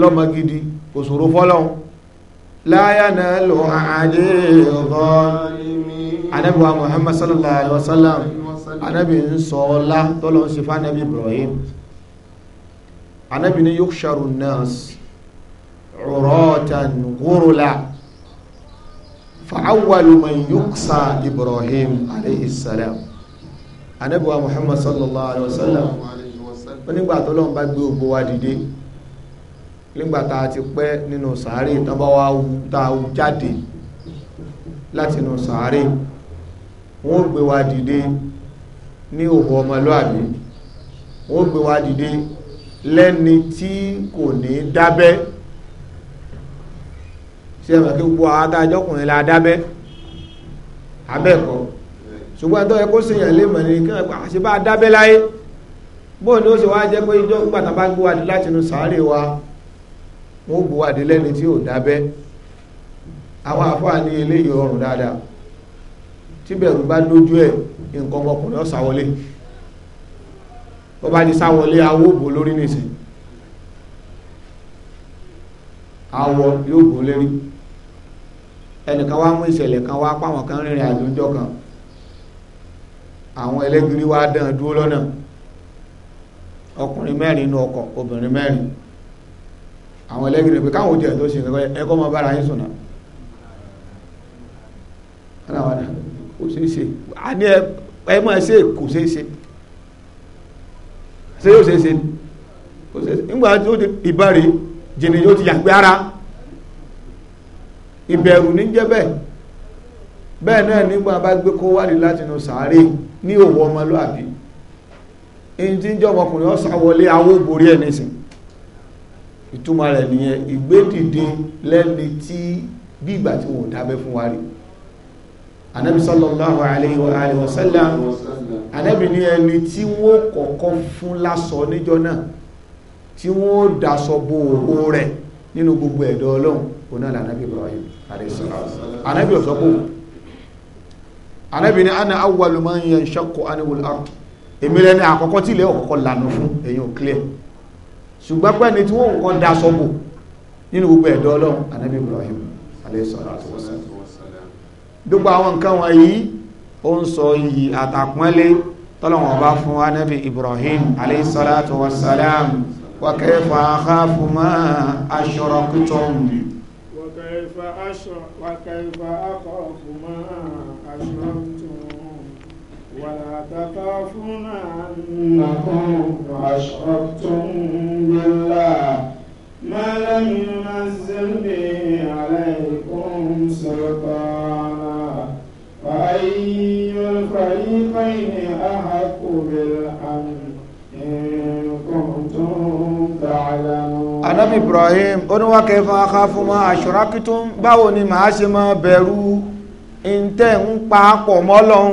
[SPEAKER 3] lọ́mọ gidi kò ṣòro fọ́lọ́hun láyà náà lọ àdé ọ̀gọ́ anábì wa Muhammad sallallahu alaihi wasallam anábì ń sọ ọlá tọ́lọ́ ń ṣe fánàbì Ibrahim anábì ní yukhsharu an-nas uratan ghurla fa'awwalu man yukhsa Ibrahim alaihi salam anábì wa sallallahu alaihi wasallam onígbà tó lọ́n bá gbé gbogbo wa dìde nígbà tá a ti pẹ́ nínú sàárè tán bá wá tá a jáde láti inú sàárè wọ́n gbé wa dìde ní òhò ọmọlúàbí wọ́n gbé wa dìde lẹ́ni tí kò ní dábẹ́ ṣe ẹ̀mọ̀ kí gbogbo àtàjọkùnrin la dábẹ́ abẹ́ẹ̀kọ́ ṣùgbọ́n tó yẹ kó ṣèyàn lè mọ̀ ní kí wọ́n pa àṣìbá dábẹ́ láyé bóò ni ó sì wá jẹ́ pé ijó gbàtà bá gbé láti inú sàárè wa wọ́n gbé wádìí lẹ́ni tí ò dábẹ́ àwọn àfáà ní eléyìí ọrùn dáadáa tí bẹ̀rù bá lójú ẹ̀ nǹkan ọmọkùnrin ọ̀sáwọlé ó bá ti sáwọlé awóbò lórí nìsín awọ yóò bò lérí ẹnìkan wá mú ìṣẹ̀lẹ̀ kan wá páwọn kan rìnrìn àjò ńjọ́ kan àwọn ẹlẹ́gìrì wá dán dúró lọ́nà ọkùnrin mẹ́rin inú ọkọ̀ obìnrin mẹ́rin àwọn ẹlẹ́gbẹ̀rẹ̀ pé káwọn òjò ẹ̀ tó ṣe ẹ̀kọ́ mọ́ bára yín sùn náà aláwọ̀dá kò ṣeé ṣe a ní ẹ mọ́ ẹ ṣe kò ṣeé ṣe ṣe yóò ṣeé ṣe kò ṣeé ṣe nígbà tó di ìbáre jìnnì yóò ti ìbẹ̀rù ní jẹ́ bẹ́ẹ̀ náà nígbà bá gbé kó wálé látinú sàárè ní òwò ọmọlúàbí in tí ń jọ ọmọkùnrin ọ̀sán wọlé awó borí ẹ̀ nísìn ìtumọ̀ rẹ̀ nìyẹn ìgbédìde lẹ́ni tí bí ìgbà tí wọ́n dábẹ́ fún wa rí anábi sallallahu alayhi wa alihi wa sallam anábi ní ẹni tí wọ́n kọ́kọ́ fún lásọ níjọ́ náà tí wọ́n dasọ bo òhó rẹ̀ nínú gbogbo ẹ̀dọ́ ọlọ́run oná lànàbí Ibrahim alayhi èmi rẹ ni àkọ́kọ́ tí ilẹ̀ ọ̀kọ́kọ́ lànà fún èyàn ò clear ṣùgbọ́n pẹ́ ni tí wọ́n kọ́ da sọ́bù nínú gbogbo ẹ̀dọ́ ọlọ́run anábì Ibrahim alayhi salatu wassalam gbogbo àwọn nǹkan wọ̀nyí ó ń sọ iyì àtàpọ́nlé tọ́lọ̀wọ̀n bá fún anábì Ibrahim alayhi salatu wassalam wa kayfa akhafu ma ashraktum
[SPEAKER 2] wa kayfa akhafu ma ashraktum ولا تخافون أنكم
[SPEAKER 3] أشركتم بالله
[SPEAKER 2] ما لم ينزل به عليكم سلطانا فأي الفريقين أحق بالأمن
[SPEAKER 3] anabi ibrahim oníwákẹ́ fún akáfúnmọ́ aṣọ́rákítún báwo ni màá ṣe máa bẹ̀rù ìntẹ́ ń pa pọ̀ mọ́ lọ́hun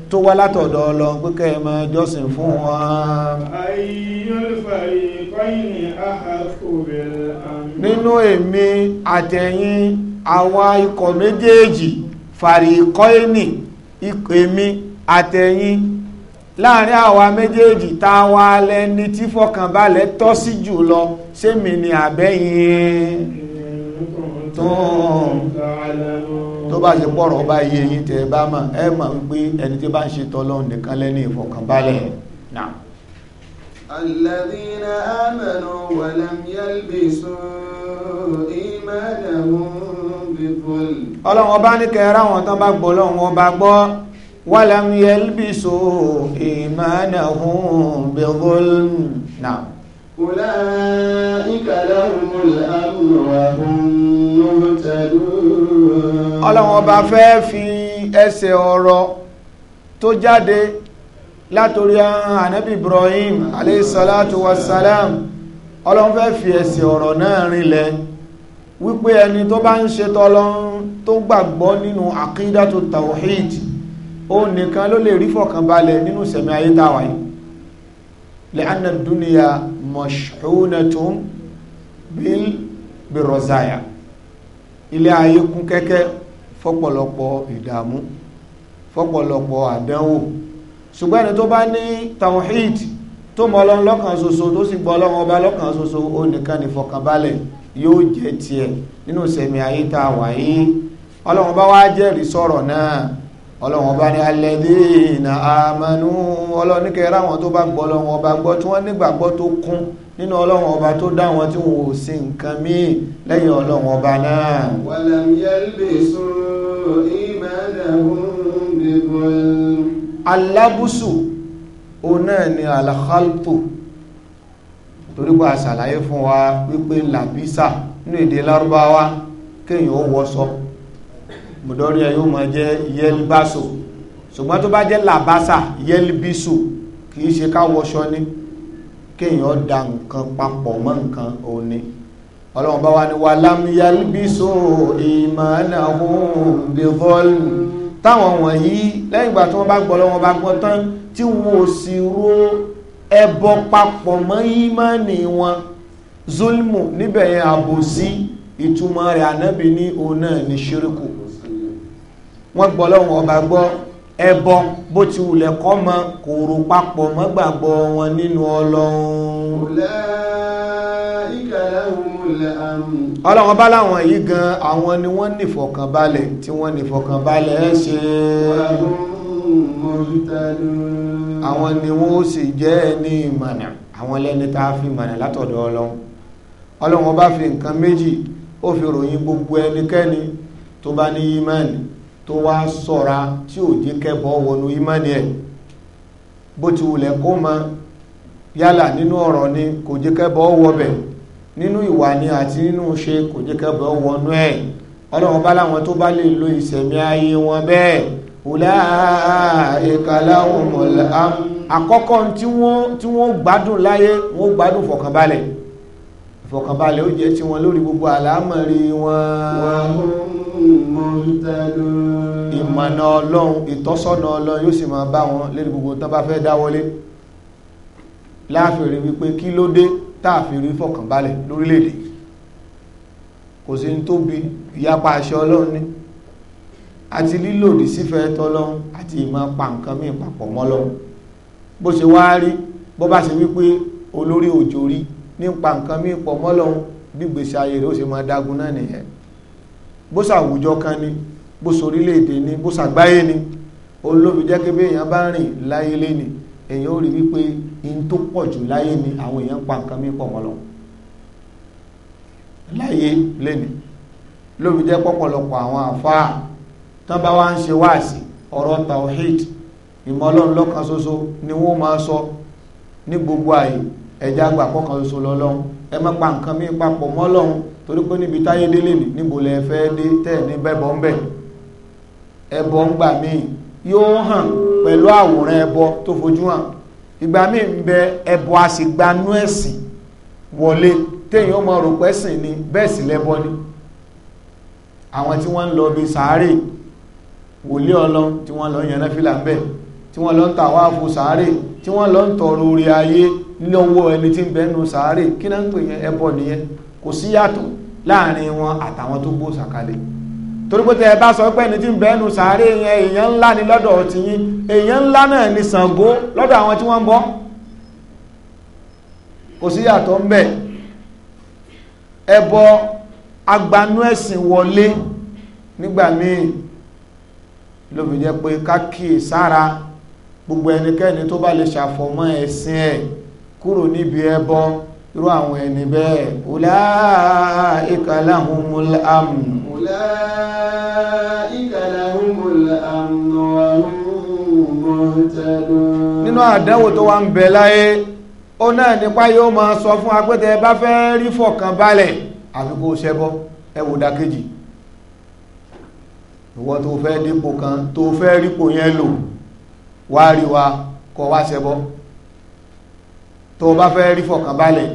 [SPEAKER 3] tó wá látọ̀dọ̀ Ọlọ́run pé kẹ́ ẹ máa jọ́sìn fún wọn. nínú èmi àtẹ̀yìn àwọn ikọ̀ méjèèjì fàríkọ́ìnì èmi àtẹ̀yìn láàrin àwa méjèèjì tá a wá lẹ́ni tí fọkànbalẹ̀ tọ́ sí jùlọ sẹ́mi ni àbẹ́yìn tó ń tó bá ṣe pọ̀rọ̀ ọba iye yín tẹ bá mọ̀ ẹ mọ̀ wípé ẹni tí bá ń ṣe tọ́lọ́run nìkan lẹ́ni ìfọ̀kànbalẹ̀
[SPEAKER 1] náà. الذين آمنوا ولم يلبسوا إيمانهم بظلم
[SPEAKER 3] ọlọ́run ọba ní kẹrẹ àwọn tán bá gbọ́ ọlọ́run ọba gbọ́ ولم يلبسوا إيمانهم بظلم náà
[SPEAKER 1] أولئك
[SPEAKER 3] لهم الأمن وهم مهتدون ọlọ́run ọba fẹ́ fi ẹsẹ̀ ọ̀rọ̀ tó jáde látòrí ahọ́n ànábì Ibrahim aleyhisalatu wasalam ọlọ́run fẹ́ fi ẹsẹ̀ ọ̀rọ̀ náà rinlẹ̀ wípé ẹni tó bá ń ṣe tọ́lọ́run tó gbàgbọ́ nínú àkídàtò tawhid òun nìkan ló lè rí fọ̀kànbalẹ̀ nínú sẹ̀mí ayé yìí لأن الدنيا مشحونة بالرزايا ilé ayé kún kẹ́kẹ́ fọ́pọ̀lọpọ̀ ìdààmú fọ́pọ̀lọpọ̀ àdánwò ṣùgbọ́n ẹni tó bá ní tawhid tó mọ Ọlọ́run lọ́kàn ṣoṣo tó sì gbọ́ Ọlọ́run ọba lọ́kàn ṣoṣo ó nìkan ní fọkànbalẹ̀ yóò jẹ́ tiẹ̀ nínú sẹ̀mí ayé tá a wà yìí Ọlọ́run bá wá jẹ́rìí sọ̀rọ̀ náà ọlọ́wọ́n bá ní alladhina amanu ọlọ́níkẹ́ ráwọn tó bá gbọ́ ọlọ́wọ́n bá gbọ́ tí wọ́n nígbàgbọ́ tó kún nínú ọlọ́wọ́n ọba tó dá tí wọ́n sí nǹkan míì lẹ́yìn ọlọ́wọ́n ọba náà. alábùsù òun náà ni alakhaltu torí pé a fún wa wípé làbísà ní èdè lárúbáwá kéèyàn ó wọṣọ. So mùdọ́rí ẹ yóò máa jẹ́ yẹlbaso ṣùgbọ́n tó bá jẹ́ làbásà yẹlbiso kì í ṣe káwọṣọ ní kéèyàn da nǹkan papọ̀ mọ́ nǹkan òní ọlọ́run bá wá ní wa lam yalbisu imanahum bi zulm táwọn wọ̀nyí lẹ́yìn ìgbà tí wọ́n bá gbọ́ lọ́wọ́ bá gbọ́ tán tí wọ́n ò sì ro ẹbọ papọ̀ mọ́ ìmánì wọn zulmu níbẹ̀ yẹn àbòsí ìtumọ̀ rẹ̀ ànábì ní òun náà ní ṣíríkù wọ́n gbọ́ lọ́wọ́ ọba gbọ́ ẹbọ bó ti wulẹ̀ kọ́ mọ kò rò papọ̀ mọ́gbàgbọ́ wọn nínú ọlọ́run.
[SPEAKER 1] ọlọ́run bá láwọn yìí gan
[SPEAKER 3] àwọn ni wọ́n nífọ̀kànbalẹ̀ tí wọ́n nífọ̀kànbalẹ̀ ṣe. àwọn ni wọ́n ó sì jẹ́ ẹni ìmọ̀nà àwọn lẹ́ni tá a fi mọ̀nà látọ̀dọ̀ ọlọ́run ọlọ́run bá fi nǹkan méjì ó fi ròyìn gbogbo ẹnikẹ́ni tó bá ní yímánì tó wá sọ́ra tí ò jẹ́ kẹ́bọ̀ wọnú ìmánì ẹ̀ bó ti wulẹ̀ kó ma yálà nínú ọ̀rọ̀ ni kò jẹ́ kẹ́bọ̀ wọbẹ̀ nínú ìwà ni àti nínú ṣe kò jẹ́ kẹ́bọ̀ wọnú ẹ̀ ọlọ́run bá láwọn tó bá lè lo ìṣẹ̀mí ayé wọn bẹ́ẹ̀ ulaika lahumul amn àkọ́kọ́ tí wọ́n gbádùn láyé wọ́n gbádùn fọ̀kànbalẹ̀ ìfọ̀kànbalẹ̀ ó jẹ́ tiwọn lórí gbogbo àlámọ̀rí wọn muhtadun ìmọ̀nà ọlọ́run ìtọ́sọ́nà ọlọ́run yóò sì máa bá wọn lérí gbogbo tán bá fẹ́ dáwọlé láàfèrè wípé kí ló dé táàfèrè fọkànbalẹ̀ lórílẹ̀-èdè kò sí tó bi ìyapa àṣẹ ọlọ́run ní àti lílòdì sífẹ́ tọ́lọ́run àti ìmọ̀ pa nǹkan míì papọ̀ mọ́lọ́run bó ṣe wá rí bó bá ṣe wípé olórí òjò rí nípa nǹkan míì pọ̀ mọ́lọ́run bí gbèsè ayé rẹ̀ ó ṣe máa dágun náà nìyẹn bóṣà àwùjọ kan ni bóṣà orílẹ̀-èdè ni bóṣà àgbáyé ni olóbi jẹ́ pé èèyàn bá rìn láyé lé ni èèyàn ó rí wípé in tó pọ̀ jù láyé ni àwọn èèyàn pa nǹkan mí pọ̀ mọ́lọ́ láyé lé ni lóbi jẹ́ pọ̀pọ̀lọpọ̀ àwọn àfáà tán bá wá ń ṣe wáàsí ọ̀rọ̀ tawhid ìmọ̀ ọlọ́run lọ́kan ṣoṣo ni wọ́n máa sọ ní gbogbo àyè ẹ̀já àgbà kọ́kan ṣoṣo lọ́lọ́run ẹ má pa nǹkan mí papọ̀ mọ́lọ́run torí pé níbi táyé délé ní níbo lẹ fẹ́ dé tẹ́ ní bẹ́bọ̀ ń bẹ̀ ẹbọ ń gbà míì yóò hàn pẹ̀lú àwòrán ẹbọ tó fojú hàn ìgbà míì ń bẹ ẹbọ àṣìgbanú ẹ̀sìn wọlé téèyàn ọmọ rò pẹ́sìn ni bẹ́ẹ̀ sì lẹ́bọ ni àwọn tí wọ́n ń lọ bí sàárè wòlé ọlọ tí wọ́n lọ yànnà fìlà ń bẹ̀ tí wọ́n lọ ń tàwa àfo sàárè tí wọ́n lọ ń tọrọ orí ayé lọ́wọ́ ẹni tí ń bẹ́nu sàárè kí náà ń pè yẹn ẹbọ nìyẹn kò sí yàtọ̀ láàrin wọn àtàwọn tó gbó sàkalẹ̀ torí pé tẹ ẹ bá sọ pé ẹni tí ń bẹ́ẹ̀nu sàárè yẹn èèyàn ńlá ni lọ́dọ̀ ọtí yín èèyàn ńlá náà ni Ṣàngó lọ́dọ̀ àwọn tí wọ́n ń bọ kò sí yàtọ̀ ń bẹ̀ ẹbọ agbanú ẹ̀sìn wọlé nígbà míì ló fi jẹ́ pé kákì sára gbogbo ẹnikẹ́ni tó bá lè ṣàfọ̀mọ́ ẹ̀sìn ẹ̀ kúrò níbi ẹbọ irú àwọn ẹni bẹ́ẹ̀ ulaika lahumul amn
[SPEAKER 1] ulaika
[SPEAKER 3] lahumul amn wa hum muhtadun nínú àdánwò tó wá ń bẹ láyé ó náà nípa yóò máa sọ fún apẹ́tẹ bá fẹ́ rí fọ̀kàn balẹ̀ àfi kó ṣẹbọ ẹwò dákejì ìwọ tó fẹ́ dípò kan tó fẹ́ rípò yẹn lò wá rí kọ wá ṣẹbọ tó bá fẹ́ rí fọ̀kàn balẹ̀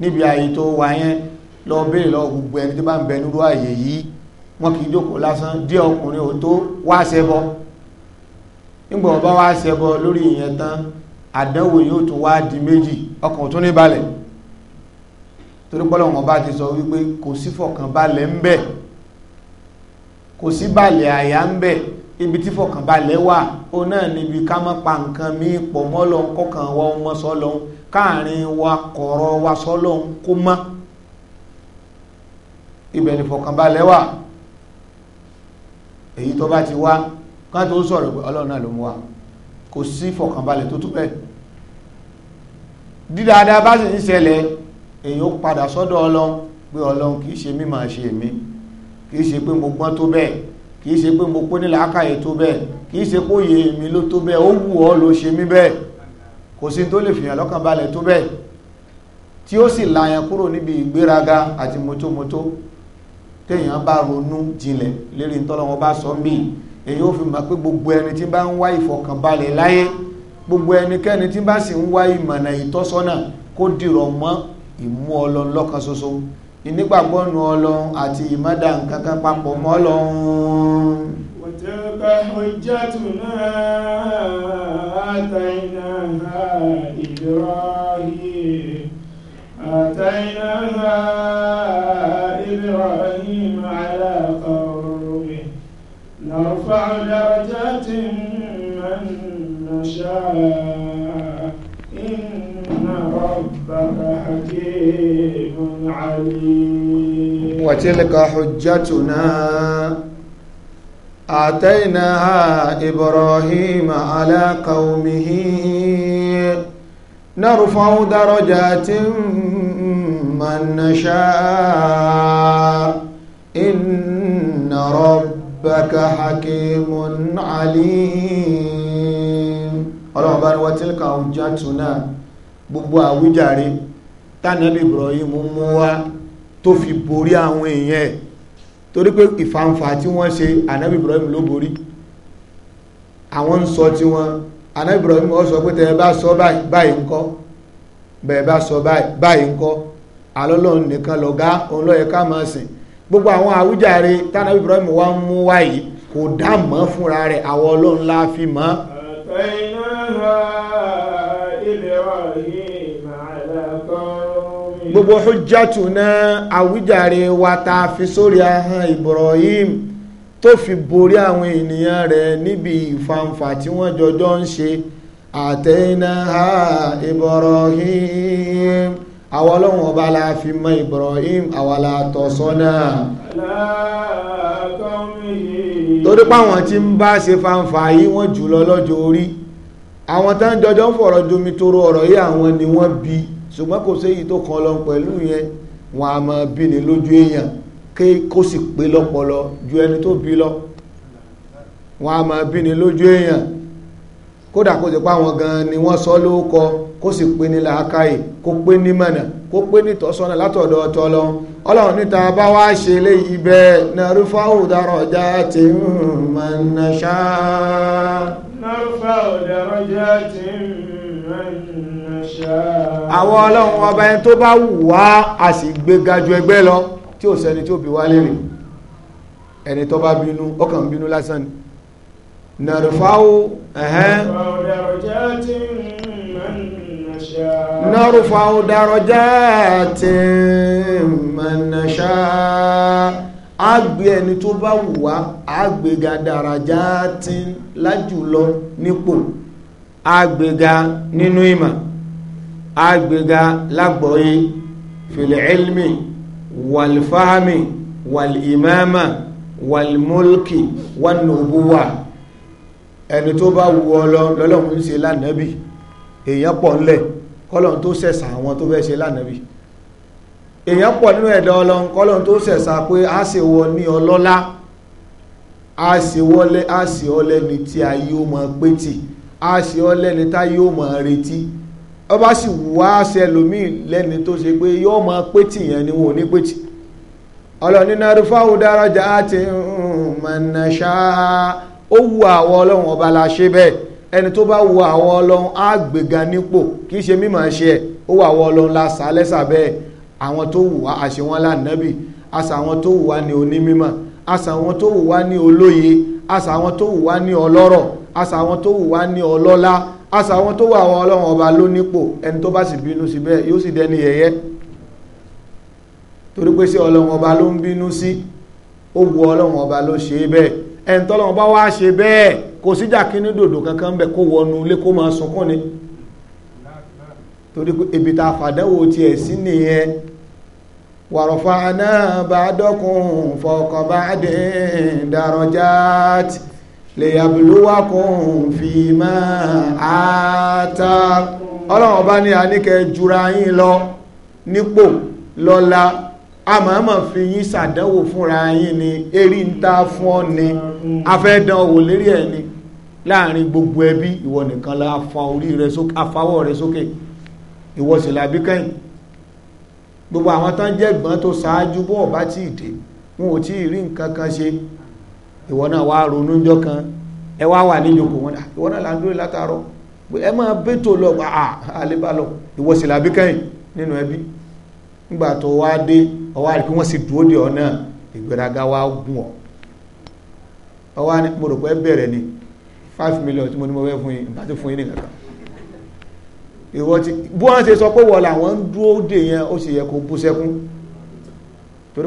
[SPEAKER 3] níbi ààyè tó wà yẹn lọ béèrè lọ gbogbo ẹni tó bá ń bẹ nírú ààyè yìí wọn kì í jókòó lásán díẹ̀ ọkùnrin ò tó wá ṣẹbọ nígbà ọba wá ṣẹbọ lórí ìyẹn tán àdánwò yóò tún wá di méjì ọkàn tún ní balẹ̀ torí pé Ọlọ́run bá ti sọ wípé kò sí fọkànbalẹ̀ ń bẹ kò sí balẹ̀ àyà ń bẹ ibi tí fọkànbalẹ̀ wà ó náà níbi ká má pa nǹkan míì pọ̀ mọ́ lọ́n kọ́kàn wọ́n mọ́ sọ́ lọ́n káàrin wa kọ̀rọ̀ wa sọ́lọ́hun kó mọ́ ibẹ̀ ni fọkànbalẹ̀ wà èyí tó bá ti wá ká tó sọ̀rọ̀ pé ọlọ́run náà ló mú wa kò sí fọkànbalẹ̀ tó tún bẹ́ẹ̀ dídáadáa bá sì ń ṣẹlẹ̀ èyí ó padà sọ́dọ̀ ọlọ́run pé ọlọ́run kìí ṣe mí máa ṣe èmi kìí ṣe pé mo gbọ́n tó bẹ́ẹ̀ kìí ṣe pé mo kó nílàákàyè tó bẹ́ẹ̀ kìí ṣe pé òye èmi ló tó bẹ́ẹ̀ ó wù ọ́ ló ṣe mí bẹ́ẹ̀ kò sí tó lè fìyàn lọ́kàn balẹ̀ tó bẹ́ẹ̀ tí ó sì láyàn kúrò níbi ìgbéraga àti motomoto téèyàn bá ronú jinlẹ̀ lérí tọ́lọ́wọ́ bá sọ mí èyí ó fi mọ̀ pé gbogbo ẹni tí bá ń wá ìfọ̀kànbalẹ̀ láyé gbogbo ẹnikẹ́ni tí bá sì ń wá ìmọ̀nà ìtọ́sọ́nà kó dìrọ̀ mọ́ ìmú ọlọ́run lọ́kan ṣoṣo ìnígbàgbọ́nu ọlọ́run àti ìmọ̀dà nǹkan kan papọ̀ mọ́ ọlọ́run
[SPEAKER 2] وتلك حجتنا آتيناها إبراهيم آتيناها إبراهيم على قومه نرفع درجات من نشاء إن ربك حكيم
[SPEAKER 3] عليم وتلك حجتنا آتيناها إبراهيم على قومه نرفع درجات من نشاء إن ربك حكيم عليم ọlọ́run bá ní wọ́n tí ń ka ọjà túnà gbogbo àwíjàre tánàbí Ibrahim mú wá tó fi borí àwọn èèyàn torí pé ìfàǹfà tí wọ́n ṣe ànábì Ibrahim ló borí àwọn ń sọ tí wọ́n ànábì Ibrahim ó sọ pé tẹ́ bá sọ báyìí ńkọ́ bẹ́ẹ̀ bá sọ báyìí ńkọ́ alọ́lọ́run nìkan lọ́gá òun ká máa sìn gbogbo àwọn àwíjàre tánàbí Ibrahim wá ń mú wáyìí kò dá mọ́ fúnra rẹ̀ àwọn ọlọ́run la mọ́. gbogbo hujjatuna àwíjàre wa ta fi sórí ahọ́n Ibrahim tó fi borí àwọn ènìyàn rẹ̀ níbi ìfàǹfà tí wọ́n jọjọ́ ń ṣe àtẹ́yìnà ha Ibrahim àwọn ọlọ́run ọba la fi mọ Ibrahim àwọn la tọ́ sọ́nà torí páwọn tí ń bá ṣe fàǹfà yìí wọ́n jùlọ lọ́jọ́ orí àwọn tán jọjọ́ ń fọ̀rọ̀ jomitoro ọ̀rọ̀ yìí àwọn ni wọ́n bí ṣùgbọ́n kò séyìí tó kan lọ pẹ̀lú yẹn wọn a máa bí ni lójú èèyàn ké kó sì pé lọ́pọlọ ju ẹni tó bí lọ wọn a máa bí ni lójú èèyàn kódà kó sì pa àwọn gan ni wọ́n sọ lóókọ kó sì pé ní làákàyè kó pé ní mọ̀nà kó pé ní tọ́sọ́nà látọ̀dọ̀ ọ̀tọ̀ lọ ọlọ́run níta bá wá ṣe léyìí bẹ́ẹ̀ narfa'u darajatin man nasha
[SPEAKER 2] narfa'u darajatin man nasha àwọn ọlọ́run ọba
[SPEAKER 3] ẹni tó bá wù wá a sì gbéga ju ẹgbẹ́ lọ tí ò sẹ́ni tí ó bí wá lérè ẹni tó bá bínú ọkàn bínú lásán ni nàrùfáwò ẹ̀hẹ́n nàrùfáwò dàrọjá tí mọ̀nàṣá àgbé ẹni tó bá wù wá àgbéga dàrọjá tí lájùlọ nípò àgbéga nínú ìmọ̀ àgbéga lágbọ̀ọ́yé fil ilmi wàlfàhámi wàlìmáàmà wàlmọ́lkì wànùbúwà ẹni tó bá wù ọ lọ lọ́lọ́run ń ṣe lánàbí èèyàn pọ̀ ńlẹ̀ kọ́lọ̀n tó sẹ̀sà àwọn tó fẹ́ ṣe lánàbí èèyàn pọ̀ nínú ẹ̀dá ọlọ́run kọ́lọ̀n tó sẹ̀sà pé a ṣe wọ ní ọlọ́lá a ṣe wọlé a ṣe ọlẹ́ni tí ayé ó mọ̀ pé a ṣe ọlẹ́ni táyé ó mọ̀ retí ọba sì wá sẹlòmíì lẹ́ni tó ṣe pé yóò mọ pétì yẹn ni wọn ò ní pétì ọlọ́ni narfa'u darajatin man nasha ó wu àwọn ọlọ́run ọba la ṣe bẹ́ẹ̀ ẹni tó bá wu àwọn ọlọ́run á gbéga nípò kì í ṣe mímọ̀ ṣe ẹ̀ ó wà àwọn ọlọ́run la sà lẹ́sà bẹ́ẹ̀ àwọn tó wù wá àṣẹ wọn lánàbì àṣà àwọn tó wù wá ní onímímọ̀ àṣà àwọn tó wù wá ní olóye àṣà àwọn tó wù wá ní ọlọ́rọ̀ àṣà àwọn tó wù wá ní ọlọ́lá Asa àwọn tó wà àwọn ọlọ́run ọba ló nípò ẹni tó bá sì bínú sí bẹ́ẹ̀ yóò sì dẹni yẹ̀yẹ́ torí pé sí ọlọ́run ọba ló ń bínú sí ó wu ọlọ́run ọba ló ṣe bẹ́ẹ̀ ẹni tọ́lọ́run bá wá ṣe bẹ́ẹ̀ kò síjà kí ní dòdò kankan bẹ̀ kó wọnú ilé kó máa sunkún ni torí pé ibi ta fàdánwò tiẹ̀ sí nìyẹn wàrọ̀fà náà bá dọ́kun fọkànbá dín dàrọ̀jáàtì lèyàbùlówàkùn fi máa àátá ọlọ́run bá ní àníkẹ́ jura yín lọ nípò lọ́lá àmọ́mọ̀ fi yín sàdánwò fúnra yín ni erí ń ta fún ọ ni afẹ́dán owó lérí ẹ̀ ni láàrin gbogbo ẹbí ìwọ nìkan la fa orí rẹ sókè afáwọ̀ rẹ sókè ìwọ sì làbí kẹ́yìn gbogbo àwọn tán jẹ́ tó ṣáájú bó ọ̀bá tí ì dé wọn ò tí ì rí nǹkan kan ṣe ìwọ náà wá ronú kan ẹ wá wà níjòkó wọn ìwọ náà là ń dúró ẹ máa lọ ìwọ sì làbí nínú ẹbí nígbà tó wá dé wọ́n sì dúró ọ náà ìgbéraga wa gùn ni five million tí mo ní mo fún yín nígbà fún yín nìkan kan ìwọ ti bí ṣe sọ pé làwọn ń dúró dè yẹn ó sì yẹ kó bú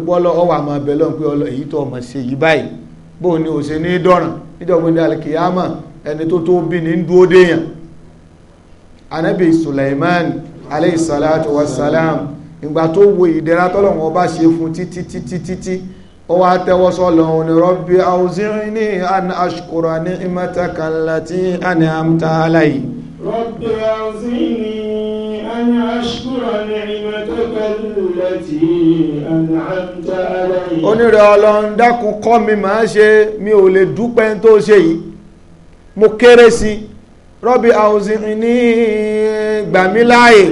[SPEAKER 3] ọmọ ṣe báyìí bó ní ò sí ní dọ́ràn níjọ̀gbìn alkiyama ẹni tó tó bí ní dúó déyàn anábì Sulaiman aleyhisalatu wasalam ìgbà tó wo ìdẹ̀ra tọ́lọ̀wọ́n bá ṣe fún títí títí títí ó wá tẹ́wọ́ sọ́lọ̀ ní rabbi awzi'ni an ashkura ni'mataka allati an'amta alayya
[SPEAKER 2] rabbi awzi'ni an ashkura ni'mataka
[SPEAKER 3] onírẹ̀ ọlọ́run dákun kọ́ mi máa ṣe mi ò lè dúpẹ́ tó ṣe yìí mo kéré sí rọ́bì àwùsìn ní gbàmíláyè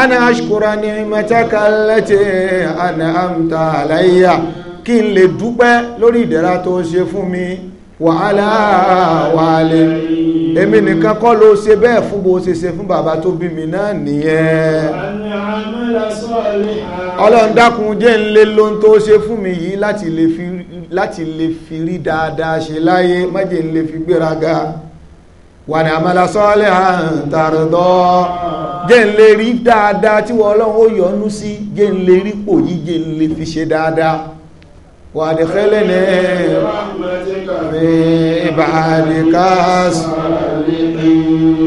[SPEAKER 3] ana ashkura ní mẹ́tẹ́kàlẹ́tẹ̀ ana amta aláyà kí n lè dúpẹ́ lórí ìdẹ̀ra tó ṣe fún mi wàhálà wàhálà èmi nìkan kọ́ ló ṣe bẹ́ẹ̀ fún bó ṣe ṣe fún bàbá tó bí mi náà nìyẹn
[SPEAKER 2] ọlọ́run dákun
[SPEAKER 3] jẹ́ ń lé lóhun tó ṣe fún mi yìí láti lè fi rí dáadáa ṣe láyé má jẹ́ ń lè fi gbéraga wà ní àmàlà sọ́ọ́lẹ̀ àǹtàrọ̀dọ́ jẹ́ ń lè rí dáadáa tí wọ́n ọlọ́run ó yọ́nú sí jẹ́ ń lè rí pò yí jẹ́ ń lè fi ṣe dáadáa wà ní kẹ́lẹ́ ní ìbàdíkà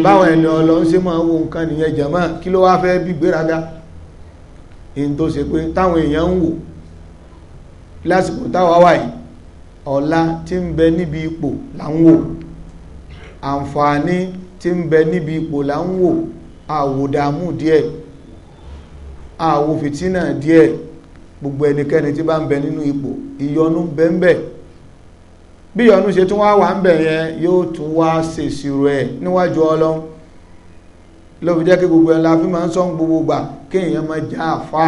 [SPEAKER 3] báwọn ẹni ọlọ́run ṣe máa wo nǹkan nìyẹn jàmá kí ló wá fẹ́ bí gbéraga in tó ṣe pé táwọn èèyàn ń wò lásìkò táwa wà yìí ọlá tí ń bẹ níbi ipò là ń wò àǹfààní tí ń bẹ níbi ipò là àwòdàmú díẹ̀ àwòfìtínà díẹ̀ gbogbo ẹnikẹ́ni tí bá ń bẹ nínú ipò ìyọnú bẹ́ńbẹ́ bẹ́ẹ̀ bí ìyọnu ṣe tún wá wà ń bẹ̀ yẹn yóò tún wá ṣèṣirò ẹ̀ níwájú ọlọ́run ló fi jẹ́ kí gbogbo ẹ̀ la fi máa ń sọ́n gbogbo gbà kí èèyàn máa já àfà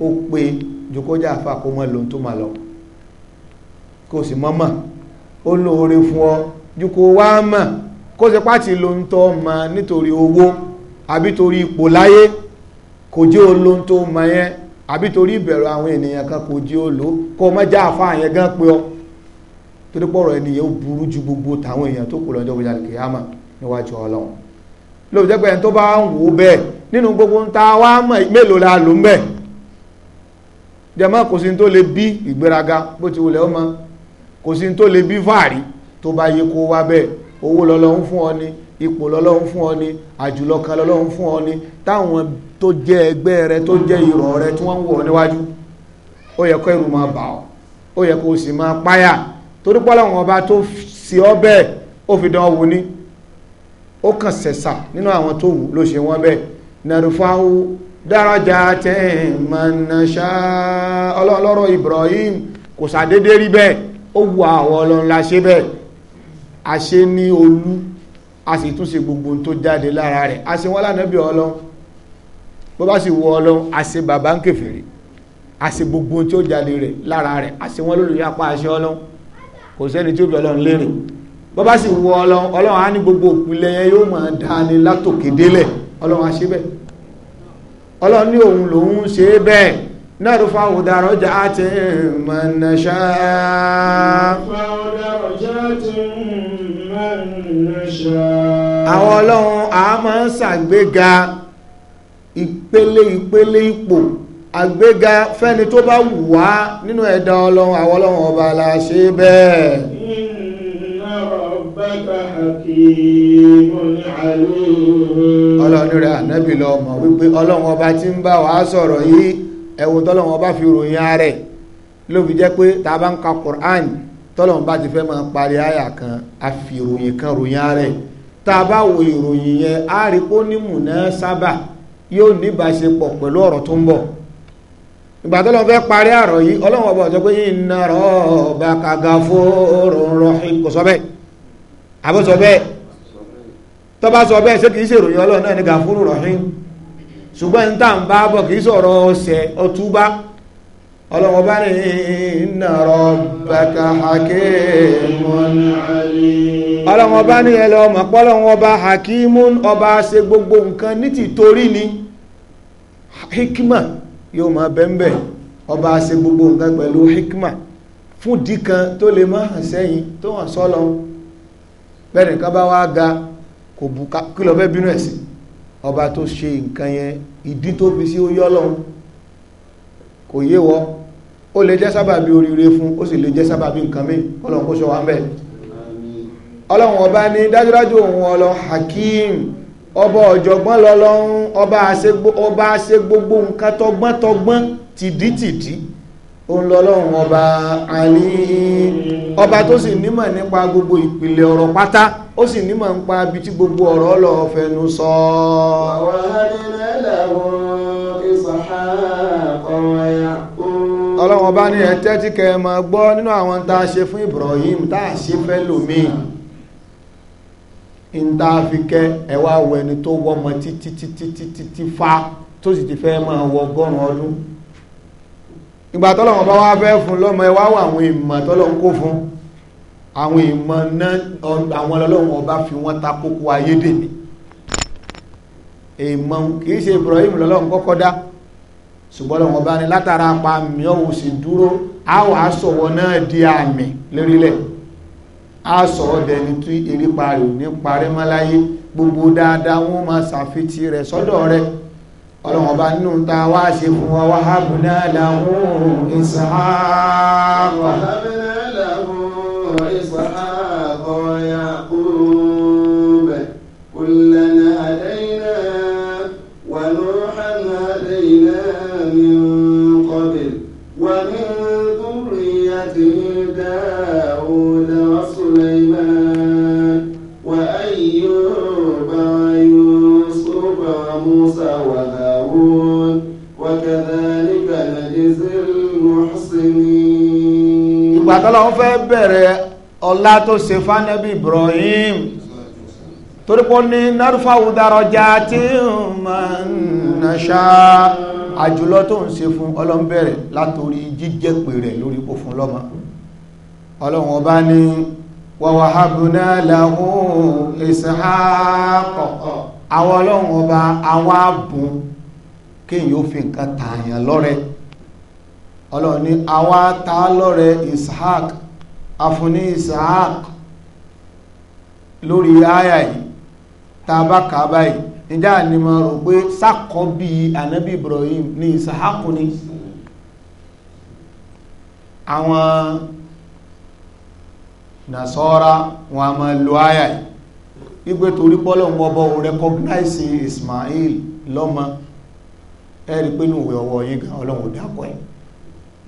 [SPEAKER 3] ó pé ju kó já àfà kó mọ lòun tó máa lọ kó sì mọ́ mọ̀ ó lóore fún ọ ju kó wá mọ̀ kó sì pàtì lòun tó mọ nítorí owó àbí torí ipò láyé kò jẹ́ olóhun tó mọ yẹn àbí torí ìbẹ̀rù àwọn ènìyàn kan kò jẹ́ olóhun kó má já àfà yẹn gan pé ọ torí pọ̀rọ̀ ẹni yẹn ó burú ju gbogbo tàwọn èèyàn tó kù lọ́jọ́ ìjà kìyàmà níwájú ọlọ́run lóòbí jẹ́ pé ẹni tó bá ń wò ó bẹ́ẹ̀ nínú gbogbo ń ta wá mọ̀ mélòó la lò ń bẹ̀ jẹ́mọ́ kò sí tó lè bí ìgbéraga bó ti wulẹ̀ ó mọ kò sí tó lè bí fàárí tó bá yẹ kó wá bẹ́ẹ̀ owó lọ́lọ́run fún ọ ni ipò lọ́lọ́run fún ọ ni àjùlọ kan lọ́lọ́run fún ọ ni táwọn tó jẹ́ ẹgbẹ́ rẹ tó jẹ́ ìrọ̀ rẹ tí wọ́n ń wọ̀ níwájú ó yẹ kó ẹ̀rù máa bà ọ́ ó yẹ kó o sì máa páyà torí pé Ọlọ́run ọba tó ṣe ọ́ bẹ́ẹ̀ ó fi dán wò ní ó kàn sẹ̀sà nínú àwọn tó wù ló ṣe wọ́n bẹ́ẹ̀ nàrúfáwù dáradà tẹ́ mọ̀nàṣá ọlọ́rọ̀ Ibrahim kò sàdédé rí bẹ́ẹ̀ ó wù àwọn Ọlọ́run la ṣe bẹ́ẹ̀ a ṣe ní olú a sì tún ṣe gbogbo tó jáde lára rẹ̀ a ṣe wọ́n lánàá bí Ọlọ́run bó bá sì wọ Ọlọ́run a ṣe bàbá ń kèfèrí a ṣe gbogbo tí ó jáde rẹ̀ lára rẹ̀ a ṣe wọ́n lólùyàpá àṣẹ Ọlọ́run kò sẹ́ni tí ó bẹ̀ ọlọ́run lérè bọ́ bá sì wọ ọlọ́run ọlọ́run á ní gbogbo òpìlẹ̀ yẹn yóò máa dáni látòkè délẹ̀ ọlọ́run á ṣe bẹ́ẹ̀ ọlọ́run ní òun lòun ṣe bẹ́ẹ̀ náà ló fa òdà rọ́jà á ti àwọn ọlọ́run á máa ń ṣàgbéga ìpele ìpele ipò àgbéga fẹ́ni tó bá wù wá nínú ẹ̀dá ọlọ́run àwọn ọlọ́run ọba la ṣe bẹ́ẹ̀ ọlọ́run rẹ̀ ànábì lọ wípé ọlọ́run ọba tí ń bá wa sọ̀rọ̀ yìí ẹ̀wọ̀n tọ́lọ́run ọba fi ròyìn ààrẹ̀ ló fi jẹ́ pé ta bá ń ka Qur'an tọ́lọ́run bá ti fẹ́ máa parí àyà kan a fi ròyìn kan ròyìn ààrẹ̀ ta bá wo ìròyìn yẹn a kó ní mùnà sábà yóò níbàṣepọ̀ pẹ̀lú ọ̀rọ̀ tó ń bọ̀ ìgbà tó lọ fẹ́ parí àrọ̀ yìí ọlọ́run ọba ọ̀sọ́ pé inna rabbaka ghafurun rahim kò sọ bẹ́ẹ̀ àbọ̀ sọ bẹ́ẹ̀ sọ bẹ́ẹ̀ ṣé kìí ṣèròyìn ọlọ́run náà ní ṣùgbọ́n ní tá à ń bá bọ̀ kìí sọ̀rọ̀ ọ̀sẹ̀ ọtúbá ọlọ́run ọba ní inna rabbaka hakimun alim ọlọ́run ọba ní ẹlẹ́ gbogbo nǹkan ní tìtorí ni yóò máa bẹ́ńbẹ̀ ọba ṣe gbogbo nǹkan pẹ̀lú hikma fún díkan tó lè má hàn sẹ́yìn tó hàn sọ́lọ bẹ́ẹ̀ nìkan bá wá ga kò bù kí lọ fẹ́ bínú ẹ̀ sí ọba tó ṣe nǹkan yẹn ìdí tó fi sí ó yọ́ lọ́hùn kò yé wọ́ ó lè jẹ́ sábàbí oríire fún ó sì lè jẹ́ sábàbí nǹkan mí ọlọ́run kó ṣọ́ wa ń bẹ̀ ọlọ́run ọba ní dájúdájú òun ọlọ́ hakim ọba ọ̀jọ̀gbọ́n lọ́lọ́run ọba àṣẹ gbogbo nǹkan tọgbọ́n tọgbọ́n tìdítìdí òun lọ́lọ́run ọba àlí ọba tó sì nímọ̀ nípa gbogbo ìpìlẹ̀ ọ̀rọ̀ pátá ó sì nímọ̀ nípa ibi tí gbogbo ọ̀rọ̀ lọ fẹnu sọ ọlọ́run ọba ní ẹ̀tẹ́ tí kẹ mọ̀ gbọ́ nínú àwọn tá a ṣe fún Ibrahim tá a ṣe fẹ́ lòmíì ìntàfikẹ́ ẹwà wẹni tó wọ́mọ títí títí títí fa tó sì ti fẹ́ máa wọ ọgọ́rùn ọdún ìgbà tọ́lọ̀wọ̀n bá wá fẹ́ fún lọ́mọ ẹwà wà àwọn ìmọ̀ tọ́lọ̀wọ̀n kó fún àwọn ìmọ̀ náà àwọn ọlọ́wọ̀n ọba fi wọ́n ta kókó ayédèmí èèmọ̀ kìí ṣe Ibrahim lọ́lọ́wọ̀n kọ́kọ́ dá ṣùgbọ́n lọ́wọ́n ọba ni látara pa mi ọ̀hún sì dúró á wàá náà di àmì lórílẹ̀ a sọ ọdẹni tí ìrípa rẹ̀ ò ní parẹ́ mọ́láyé gbogbo dáadáa wọ́n máa ṣàfitì rẹ̀ sọ́dọ̀ rẹ̀ ọlọ́wọ́n bá nínú ta wá ṣe fún wa wàhábùnà làwọn ìsàáàmù
[SPEAKER 1] موسى وهارون وكذلك نجزي
[SPEAKER 3] المحسنين ìgbà tọ́lọ́run fẹ́ bẹ̀rẹ̀ ọlá tó ṣe fánẹ́bí Ibrahim torí pé ó ní narfa'u darajatin man nasha àjùlọ tó ń ṣe fún Ọlọ́run bẹ̀rẹ̀ jíjẹ́ pè rẹ̀ lórí kó fún lọ́mọ Ọlọ́run ọba ní wa wahabna lahu àwọn ọlọ́run ọba àwọn ààbùn kéèyàn ó fi nǹkan tààyàn lọ́rẹ ọlọ́run ní àwọn ata lọ́rẹ ishaq afuní ishaq lórí àyà yìí tá a bá kà báyìí níjà ni mo rò pé sákọ bíi anabi ibrahim ní ishaq ni àwọn nasọ́ra wọn a máa lo àyà yìí wípé torí pọ́lọ̀wọ́ ọbọ̀ recognize Ismail lọ́mọ ẹ̀rí pé nùwẹ̀ ọwọ́ yìí gan ọlọ́run dákọ̀ ẹ̀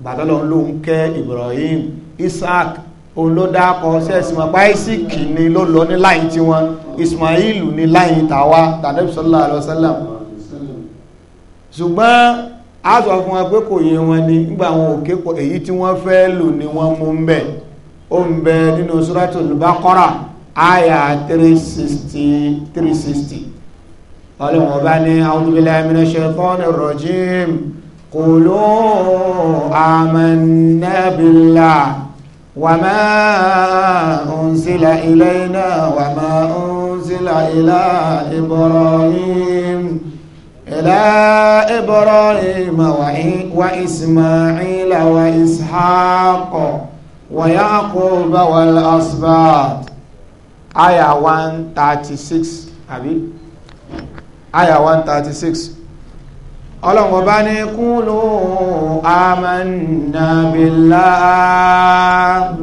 [SPEAKER 3] bàtọ́lọ̀ ló ń kẹ́ Ibrahim Isaac òun ló dákọ̀ sẹ́ẹ̀sì mọ̀ pa Isaac ni ló lọ ní láyìn tí wọn Ismail ní láyìn tàwa tàdébí sallallahu alaihi wasallam ṣùgbọ́n a sọ fún wọn pé kò yé wọn ni nígbà àwọn òkè èyí tí wọ́n fẹ́ lò ni wọ́n mú ń bẹ̀ ó ń bẹ nínú Suratul Baqarah aya 360 360 ọlọ́run ọba ní a'udhu billahi minash shaitonir rajim qulu amanna billahi wa ma unzila ilayna wa ma unzila ila ibrahim ila ibrahim wa isma'ila wa ishaq wa yaqub wal asbat aya one thirty six àbí aya one thirty six ọlọ́run ọba ní kúlù amanna billah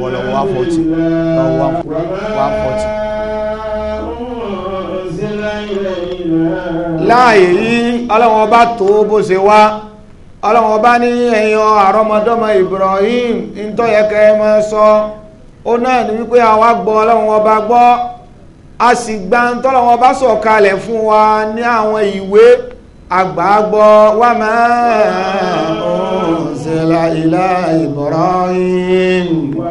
[SPEAKER 3] wọlọ́wọ́ one forty lọ́wọ́ one forty. láàyè yìí ọlọ́run ọba tó bó ṣe wá ọlọ́run ọba ní ẹ̀yàn àrọ́mọdọ́mọ Ibrahim ntọ́yẹkẹ mọ sọ ó náà ní wípé àwa gbọ́ ọlọ́run ọba gbọ́ a sì gba ntọ́lọ́run ọba sọ̀kalẹ̀ fún wa ní àwọn ìwé àgbàgbọ́ wà máa unzila ila Ibrahim. wà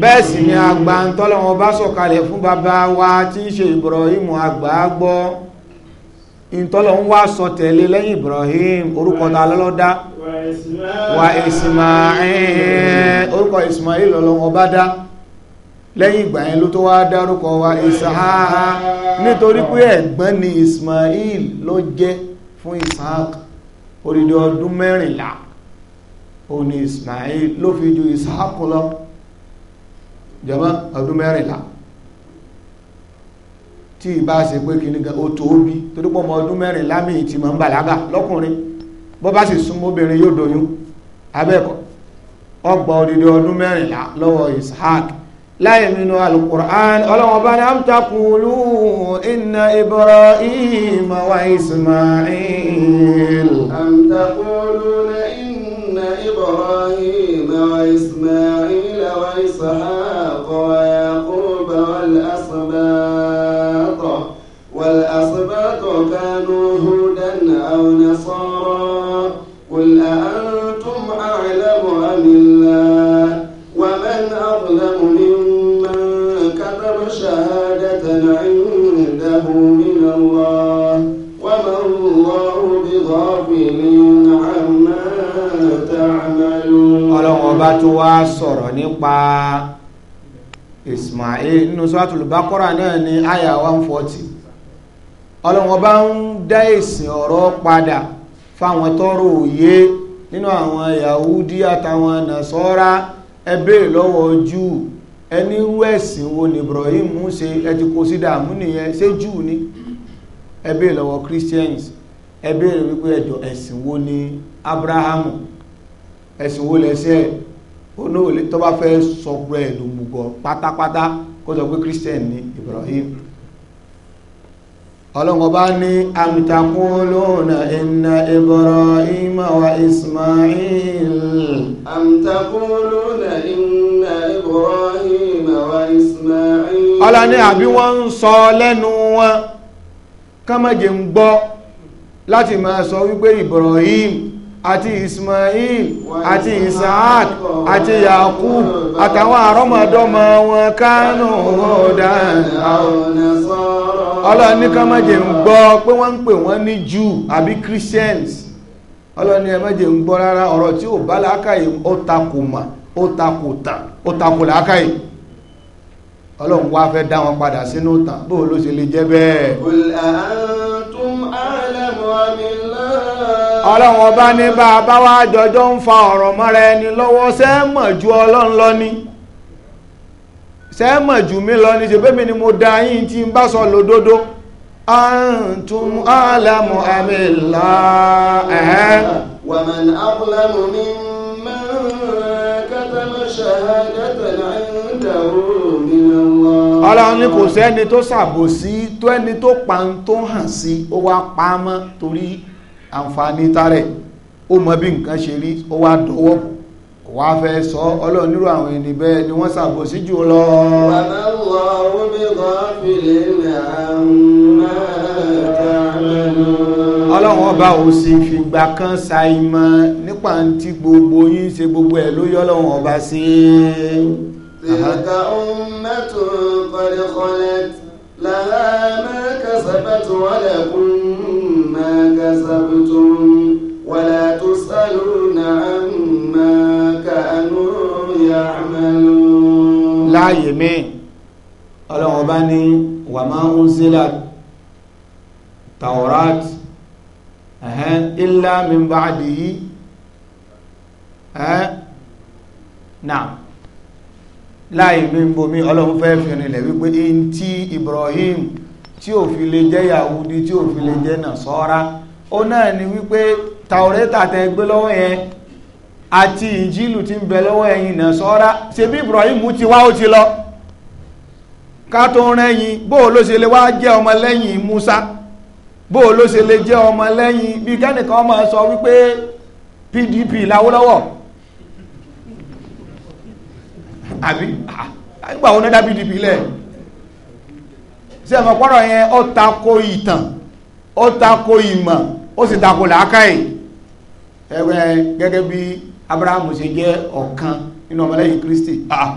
[SPEAKER 2] bẹ́ẹ̀ sì ni àgbà
[SPEAKER 3] ń tọ́lọ́wọ́n bá sọ̀kalẹ̀ fún bàbá wa tí ń ṣe Ibrahim àgbà gbọ́ ìtọ́lọ̀ ń wá sọ tẹ̀lé lẹ́yìn Ibrahim orúkọ ta lọ́lọ́dá wa Ismail orúkọ Ismail lọ́lọ́wọ́ bá dá lẹ́yìn ìgbà yẹn ló tó wá dárúkọ wa Isaaha nítorí pé ẹ̀gbọ́n ni Ismail ló jẹ́ fún Isaac orídìí ọdún mẹ́rìnlá òun ni Ismail ló fi ju Isaac lọ jọba ọdún mẹ́rìnlá tí ìbá ṣe pé kí ní gan tó torí ọdún mẹ́rin lámì ìtì máa ń bàlágà lọ́kùnrin bọ́ bá sì súnmọ́ obìnrin yóò doyún abẹ́ẹ̀kọ́ ọgbà òdìdí ọdún mẹ́rìnlá lọ́wọ́ ishaq láì nínú alukur'an ọlọ́wọ́n bá ní amtakulu wa ismail
[SPEAKER 1] amtakulu wa ismail wa ishaq wa الأسباط كانوا هودا أو نصارا قل أأنتم أعلم أم الله ومن أظلم ممن كتب شهادة عنده من الله وما الله بغافل
[SPEAKER 3] عما تعملون ọlọ́run ọba tó wá sọ̀rọ̀ nípa Ismail nínú Suratul Baqara náà ní àyà 140 ọlọ́wọ́n bá ń dá èsì ọ̀rọ̀ padà fáwọn tọ́rọ òye nínú àwọn Yahudi àtàwọn Nasọ́ra ẹ béèrè lọ́wọ́ Júù ẹni wẹ́sìn wo ni Ibrahim ṣe ẹ ti kó sí dààmú nìyẹn ṣé Júù ni ẹ béèrè lọ́wọ́ Christians ẹ béèrè wípé ẹjọ́ ẹ̀sìn wo ni Abraham ẹ̀sìn wo lẹ́sẹ̀ oníwòlé tó bá fẹ́ sọ pé ẹ̀dùnmùgọ̀ pátápátá kó sọ pé Christian ni Ibrahim. Mm -hmm ọlọ́ngọba ní amtakuluna inna ibrahim wa ismail amtakuluna inna
[SPEAKER 1] ibrahim wa ismail ọlá ní àbí wọ́n
[SPEAKER 3] ń sọ lẹ́nu wọn kámẹ́jẹ̀ ń gbọ́ láti máa sọ wípé ibrahim àti ismail àti isaac àti yakub àtàwọn àrọ́mọdọ́mọ wọn kánú hudan aw nasara
[SPEAKER 1] ọlọ́run ní ká má jẹ́ ń gbọ́
[SPEAKER 3] pé wọ́n ń pè wọ́n ní Jew àbí Christians ọlọ́run ní ẹ má jẹ́ ń gbọ́ rárá ọ̀rọ̀ tí ò bá làákàyè ó takò mà ó takò tàn ó takò làákàyè ọlọ́run wá fẹ́ dá wọn padà sínú tàn bó ló ṣe lè jẹ́ bẹ́ẹ̀.
[SPEAKER 1] ọlọ́run ọba ní bá a bá wá
[SPEAKER 3] jọjọ́ ń fa ọ̀rọ̀ mọ́ra ẹni lọ́wọ́ sẹ́mọ̀ ju ọlọ́run lọ ni. sẹ́mọ̀ jù mí lọ ní ṣebémi ni mo dá yín tí ń bá sọ lódodo antum alamu amila ẹ̀hẹ́
[SPEAKER 1] wàmàn abúlámù mi máa kátàmọ́ ṣàhádátà ìdáwó
[SPEAKER 3] ọlọ́run ní kò sẹ́ni tó ṣàbòsí tó ẹni tó pa ń tó hàn sí ó wá pa á mọ́ torí àǹfààní tààrẹ̀ ó mọ bí nǹkan ṣe rí ó wá dọwọ́ wà á fẹ́ sọ ọlọ́run nírú àwọn ẹni bẹ́ẹ̀ ni wọ́n ṣàbòsí jù lọ. bàbá
[SPEAKER 1] wọ omi kan fìlè náà
[SPEAKER 3] ọlọ́run ọba ò sì fìgbà kan ṣàìmọ̀ nípa tí gbogbo yín ṣe gbogbo ẹ̀ ló yọ́ ọlọ́run ọba sí. tìlaka
[SPEAKER 1] ummatun qad khalat laha ma kasabat wa lakum ma kasabtum wa la kanu
[SPEAKER 3] ya'malun. láàyè mi ọlọ́run bá ní wa ma unzilat taurat illa min ba'dihi náà láì mi ń bomi ọlọ́run fẹ́ fi rìnlẹ̀ wípé in tí Ibrahim tí ò fi lè jẹ́ Yahudi tí ò fi lè jẹ́ Nasara ó náà ni wípé Taurata tẹ lọ́wọ́ yẹn àti ìjìlù tí ń bẹ lọ́wọ́ ẹ̀yin náà sọ́ra ṣe bí Ibrahim ti wá ó ti lọ ká tó rẹ́yìn bóò ló ṣe lè wá jẹ́ ọmọ lẹ́yìn Musa bóò ló ṣe lè jẹ́ ọmọ lẹ́yìn bí kẹ́nìkan máa sọ wípé PDP láwọ́lọ́wọ́ àbí àgbà wọn náà dá PDP lẹ̀ sí ẹ̀mọ̀ pọ́rọ̀ yẹn ó tako ìtàn ó tako ìmọ̀ ó sì tako làákàyè ẹgbẹ́ gẹ́gẹ́ bí abrahamu ṣe jẹ́ ọ̀kan nínú ọmọlẹ́yìn kristi ah.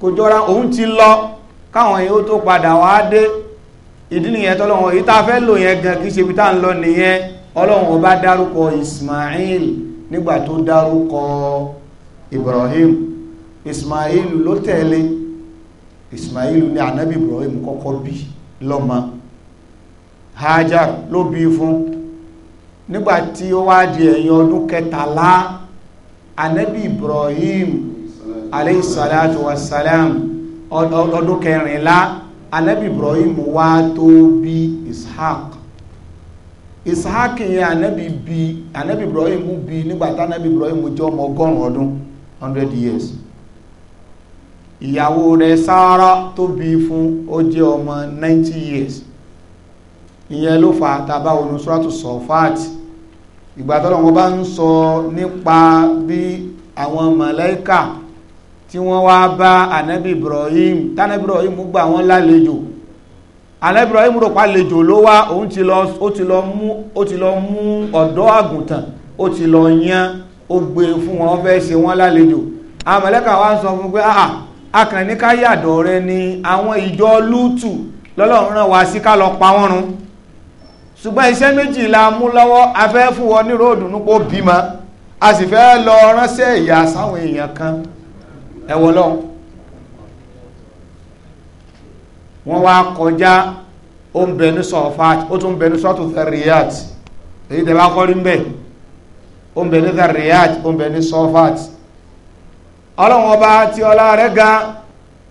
[SPEAKER 3] kò jọra òun ti lọ káwọn yóò tó padà wá dé ìdí nìyẹn tọ́lọ́wọ́n èyí fẹ́ lò yẹn gan kìí ṣe ibi ń lọ nìyẹn ọlọ́run ọba dárúkọ ismail nígbà tó dárúkọ ibrahim ismail ló tẹ̀lé ismail ní ànábì ibrahim kọ́kọ́ bí lọ́mọ hajar ló bí fún nígbàtí ó wá di ẹ̀yìn ọdún kẹtàlá anabi ibrahim aleyhisalatu wasalam ọdún kẹrìnlá anabi ibrahim wá tó bí ishaq ishaq yẹn anabi bí anabi ibrahim bí nígbàtí anabi ibrahim jẹ́ ọmọ ọgọ́rùn ọdún 100 years ìyàwó rẹ̀ sáárá tó bí fún ó jẹ́ ọmọ 90 years ìyẹn ló fà tàbá onusratu sọfáàtì ìgbà tọ́lọ̀ wọn bá ń sọ nípa bí àwọn màláíkà tí wọ́n wá bá anabi Ibrahim tánàbí Ibrahim gbà wọ́n lálejò anabi Ibrahim rò pa àlejò ló wá òun ti lọ ó ti lọ mú ó ti lọ mú ọ̀dọ́ àgùntàn ó ti lọ yan ó gbé e fún wọn fẹ́ ṣe wọ́n lálejò àwọn màláíkà wá ń sọ fún pé ah akànníkáyàdọ̀ rẹ ni àwọn ìjọ lútù lọ́lọ́run rán wá sí ká lọ pa wọ́n run ṣùgbọ́n iṣẹ́ méjì la mú lọ́wọ́ a fẹ́ fún wọn ní ròdù nípò bímọ a sì fẹ́ lọ ránṣẹ́ ìyà sáwọn èèyàn kan ẹ̀wọ̀ lọ wọ́n wá kọjá ó ń bẹnu sọ̀fàt ó tún bẹnu sọ́tù theriyat èyí tẹ̀ bá kọ́ ń bẹ̀ ó ń bẹnu theriyat ó ń bẹnu sọ̀fàt ọlọ́run ọba tí ọlá rẹ̀ ga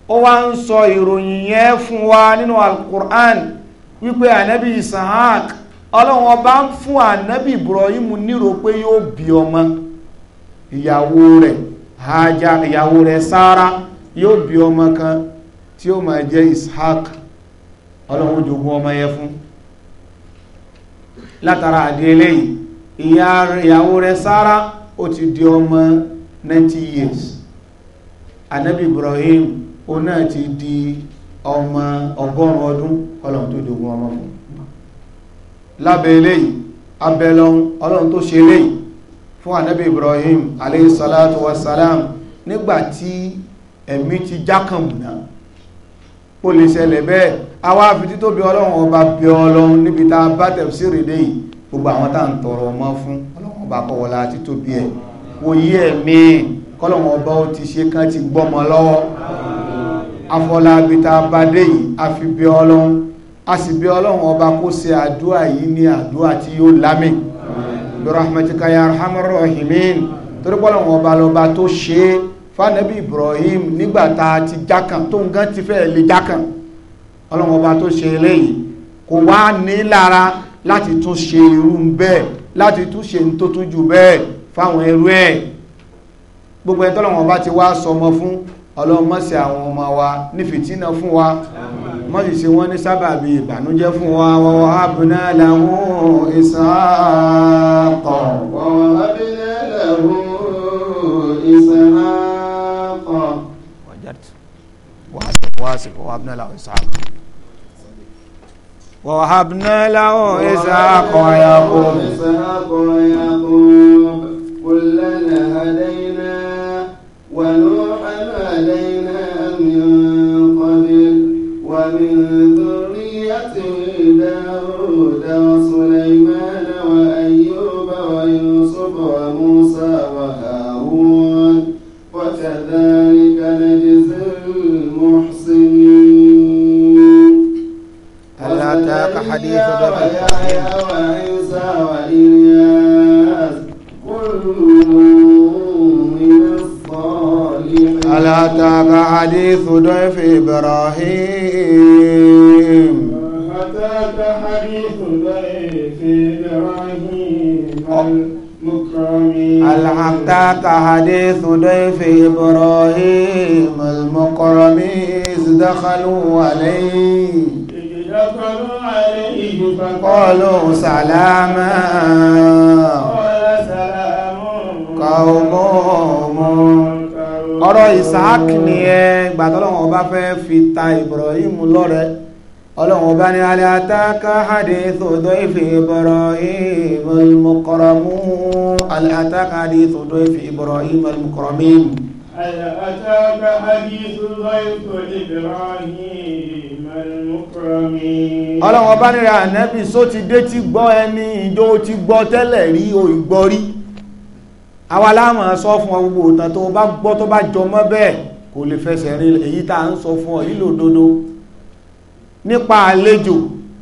[SPEAKER 3] ó wá ń sọ ìròyìn yẹn fún wa nínú alukur'an wípé ànábì Isahak ọlọ́run ọba ń fún ànábì Ibrahim nírò pé yóò bí ọmọ ìyàwó rẹ̀ Haja ìyàwó rẹ̀ Sára yóò bí ọmọ kan tí ó máa jẹ́ Ishaq ọlọ́run jogún ọmọ yẹn fún látara àdí eléyìí ìyàwó rẹ̀ Sára ó ti di ọmọ 90 years ànábì Ibrahim ó náà ti di ọmọ ọgọ́rùn ọdún kọ́lọ̀ tó dogun ọmọ fún lábẹ́ eléyìí abẹ́lọ́n ọlọ́run tó ṣe eléyìí fún ànábì Ibrahim alayhi salatu wassalam nígbàtí ẹ̀mí ti jákàmùnà ó lè ṣẹlẹ̀ bẹ́ẹ̀ Awa fìdí tó bí ọlọ́run ọba bí ọlọ́run níbi tá bá tẹ̀síre dé yìí gbogbo àwọn tá ń tọrọ ọmọ fún ọlọ́run ọba kọwọlá àti tó bí ẹ̀ wò yí ẹ̀mí kọ́lọ̀run ọba ó ti bá dé yìí a fi bí ọlọ́run a sì bí ọlọ́run ọba kó ṣe àdúà yìí ní àdúà tí yóò lámì birahmatika ya arhamar rahimin torí pọ́lọ́run ọba lọba tó ṣe fánẹ́bí Ibrahim nígbàtà ti jákàn tó ń gán ti fẹ́ lè jákàn ọlọ́run ọba tó ṣe eléyìí kò wá ní lára láti tún ṣe irú bẹ́ẹ̀ láti tún ṣe tó tún jù bẹ́ẹ̀ fáwọn ẹrú ẹ̀ gbogbo ẹ̀ tọ́lọ́run ọba ti wá sọmọ fún ọlọ́run má ṣe àwọn ọmọ wa ní fìtínà fún wa má sì ṣe wọ́n ní sábàbí ìbànújẹ́ fún wa wa wahabna lahu Ishaqa wa wahabna lahu Ishaqa wa wahabna lahu Ishaqa ووهبنا له إسحاق ويعقوب
[SPEAKER 1] علينا من قبل ومن ذريته داود وسليمان وأيوب ويوسف وموسى وهارون وكذلك نجزي المحسنين هل أتاك حديث ويحيى وعيسى وإلياس كل
[SPEAKER 3] هل أتاك حديث ضيف إبراهيم
[SPEAKER 2] هل أتاك حديث
[SPEAKER 3] ضيف إبراهيم ألحقتك حديث ضيف إبراهيم المكرم إذ دخلوا عليه
[SPEAKER 2] دخلوا عليه فقالوا سلاما قال سلام
[SPEAKER 3] قوم ọ̀rọ̀ Isaac ni ẹ gbàtọ́lọ́wọ́n ọba fẹ́ fi ta Ibrahim lọ́rẹ ọlọ́wọ́n ọba ní alẹ́ atáka hadithu doifi Ibrahim al-mukramun alẹ́ atáka hadithu doifi Ibrahim al-mukramin.
[SPEAKER 2] alẹ́ atáka hadithu doifi Ibrahim
[SPEAKER 3] al-mukramin. ọba ní rẹ̀ ànẹ́bí só ti dé ti gbọ́ ẹni ìjọ ti gbọ́ tẹ́lẹ̀ rí o rí àwa láwọn sọ fún ọ gbogbo òtàn tó bá gbọ́ tó bá jọ mọ́ bẹ́ẹ̀ kò lè fẹsẹ̀ rí èyí tá à ń sọ fún ọ yìí lòdodo nípa àlejò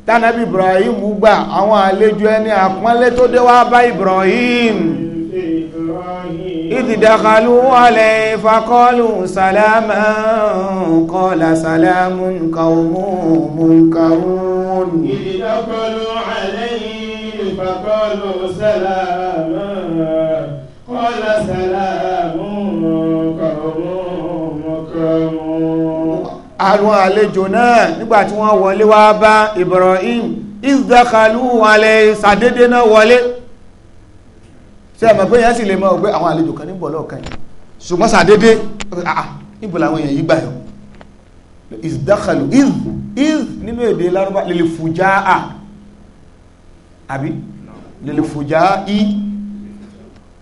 [SPEAKER 3] tánàbí Ibrahim gbà àwọn àlejò ẹni àpọ́nlé tó dé wá bá Ibrahim ìdìdàkàlù alẹ́ ìfakọ́lù sàlámà kọ́lá sàlámù kàwọ́mù mùnkàrún ìdìdàkàlù
[SPEAKER 2] alẹ́ ìfakọ́lù
[SPEAKER 3] sàlámà àwọn àlejò náà nígbàtí wọ́n wọlé wá bá Ibrahim ìzdakalu alẹ́ ìsàdédé náà wọlé tí a mọ̀ pé yẹn sì lè mọ̀ pé àwọn àlejò kan ní bọ̀ lọ́ọ̀kan yìí ṣùgbọ́n sàdédé ah, ah, níbo làwọn èèyàn yìí gbà yọ ìzdakalu ìz nínú èdè lárúbá lè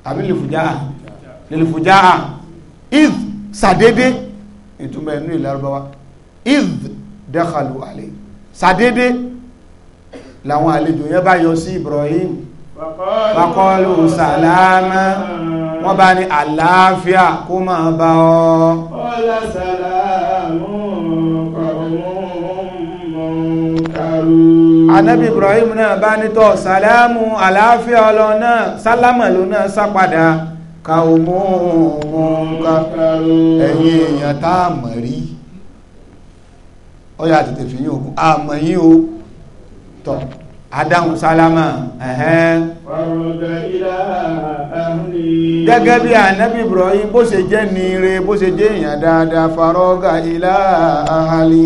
[SPEAKER 3] àbí lèfùjáà lèfùjáà iz sàdédé ìtumọ̀ ẹ̀nú ilẹ̀ arúgbáwá iz dakhalu alẹ́ sàdédé làwọn àlejò yẹn bá yọ sí Ibrahim fakọ́lù sàlámà wọ́n bá ní àlàáfíà kó máa bá ọ.
[SPEAKER 2] ọlá sàlámà.
[SPEAKER 3] anabi ibrahim náà bá nítọ́ sàlámù àlàáfíà ọlọ́run náà sálámà ló náà sápadà kàwọ́mọ́ ẹ̀yin èèyàn tá a mọ̀ rí ọyà tètè fi yín òkú àmọ̀ yín o tọ̀ adáhùn sálámà ẹ̀hẹ́n gẹ́gẹ́ bí ànábì ibrahim bó ṣe jẹ́ ní ire bó ṣe jẹ́ èèyàn dáadáa farọ́gà ilá àhàlì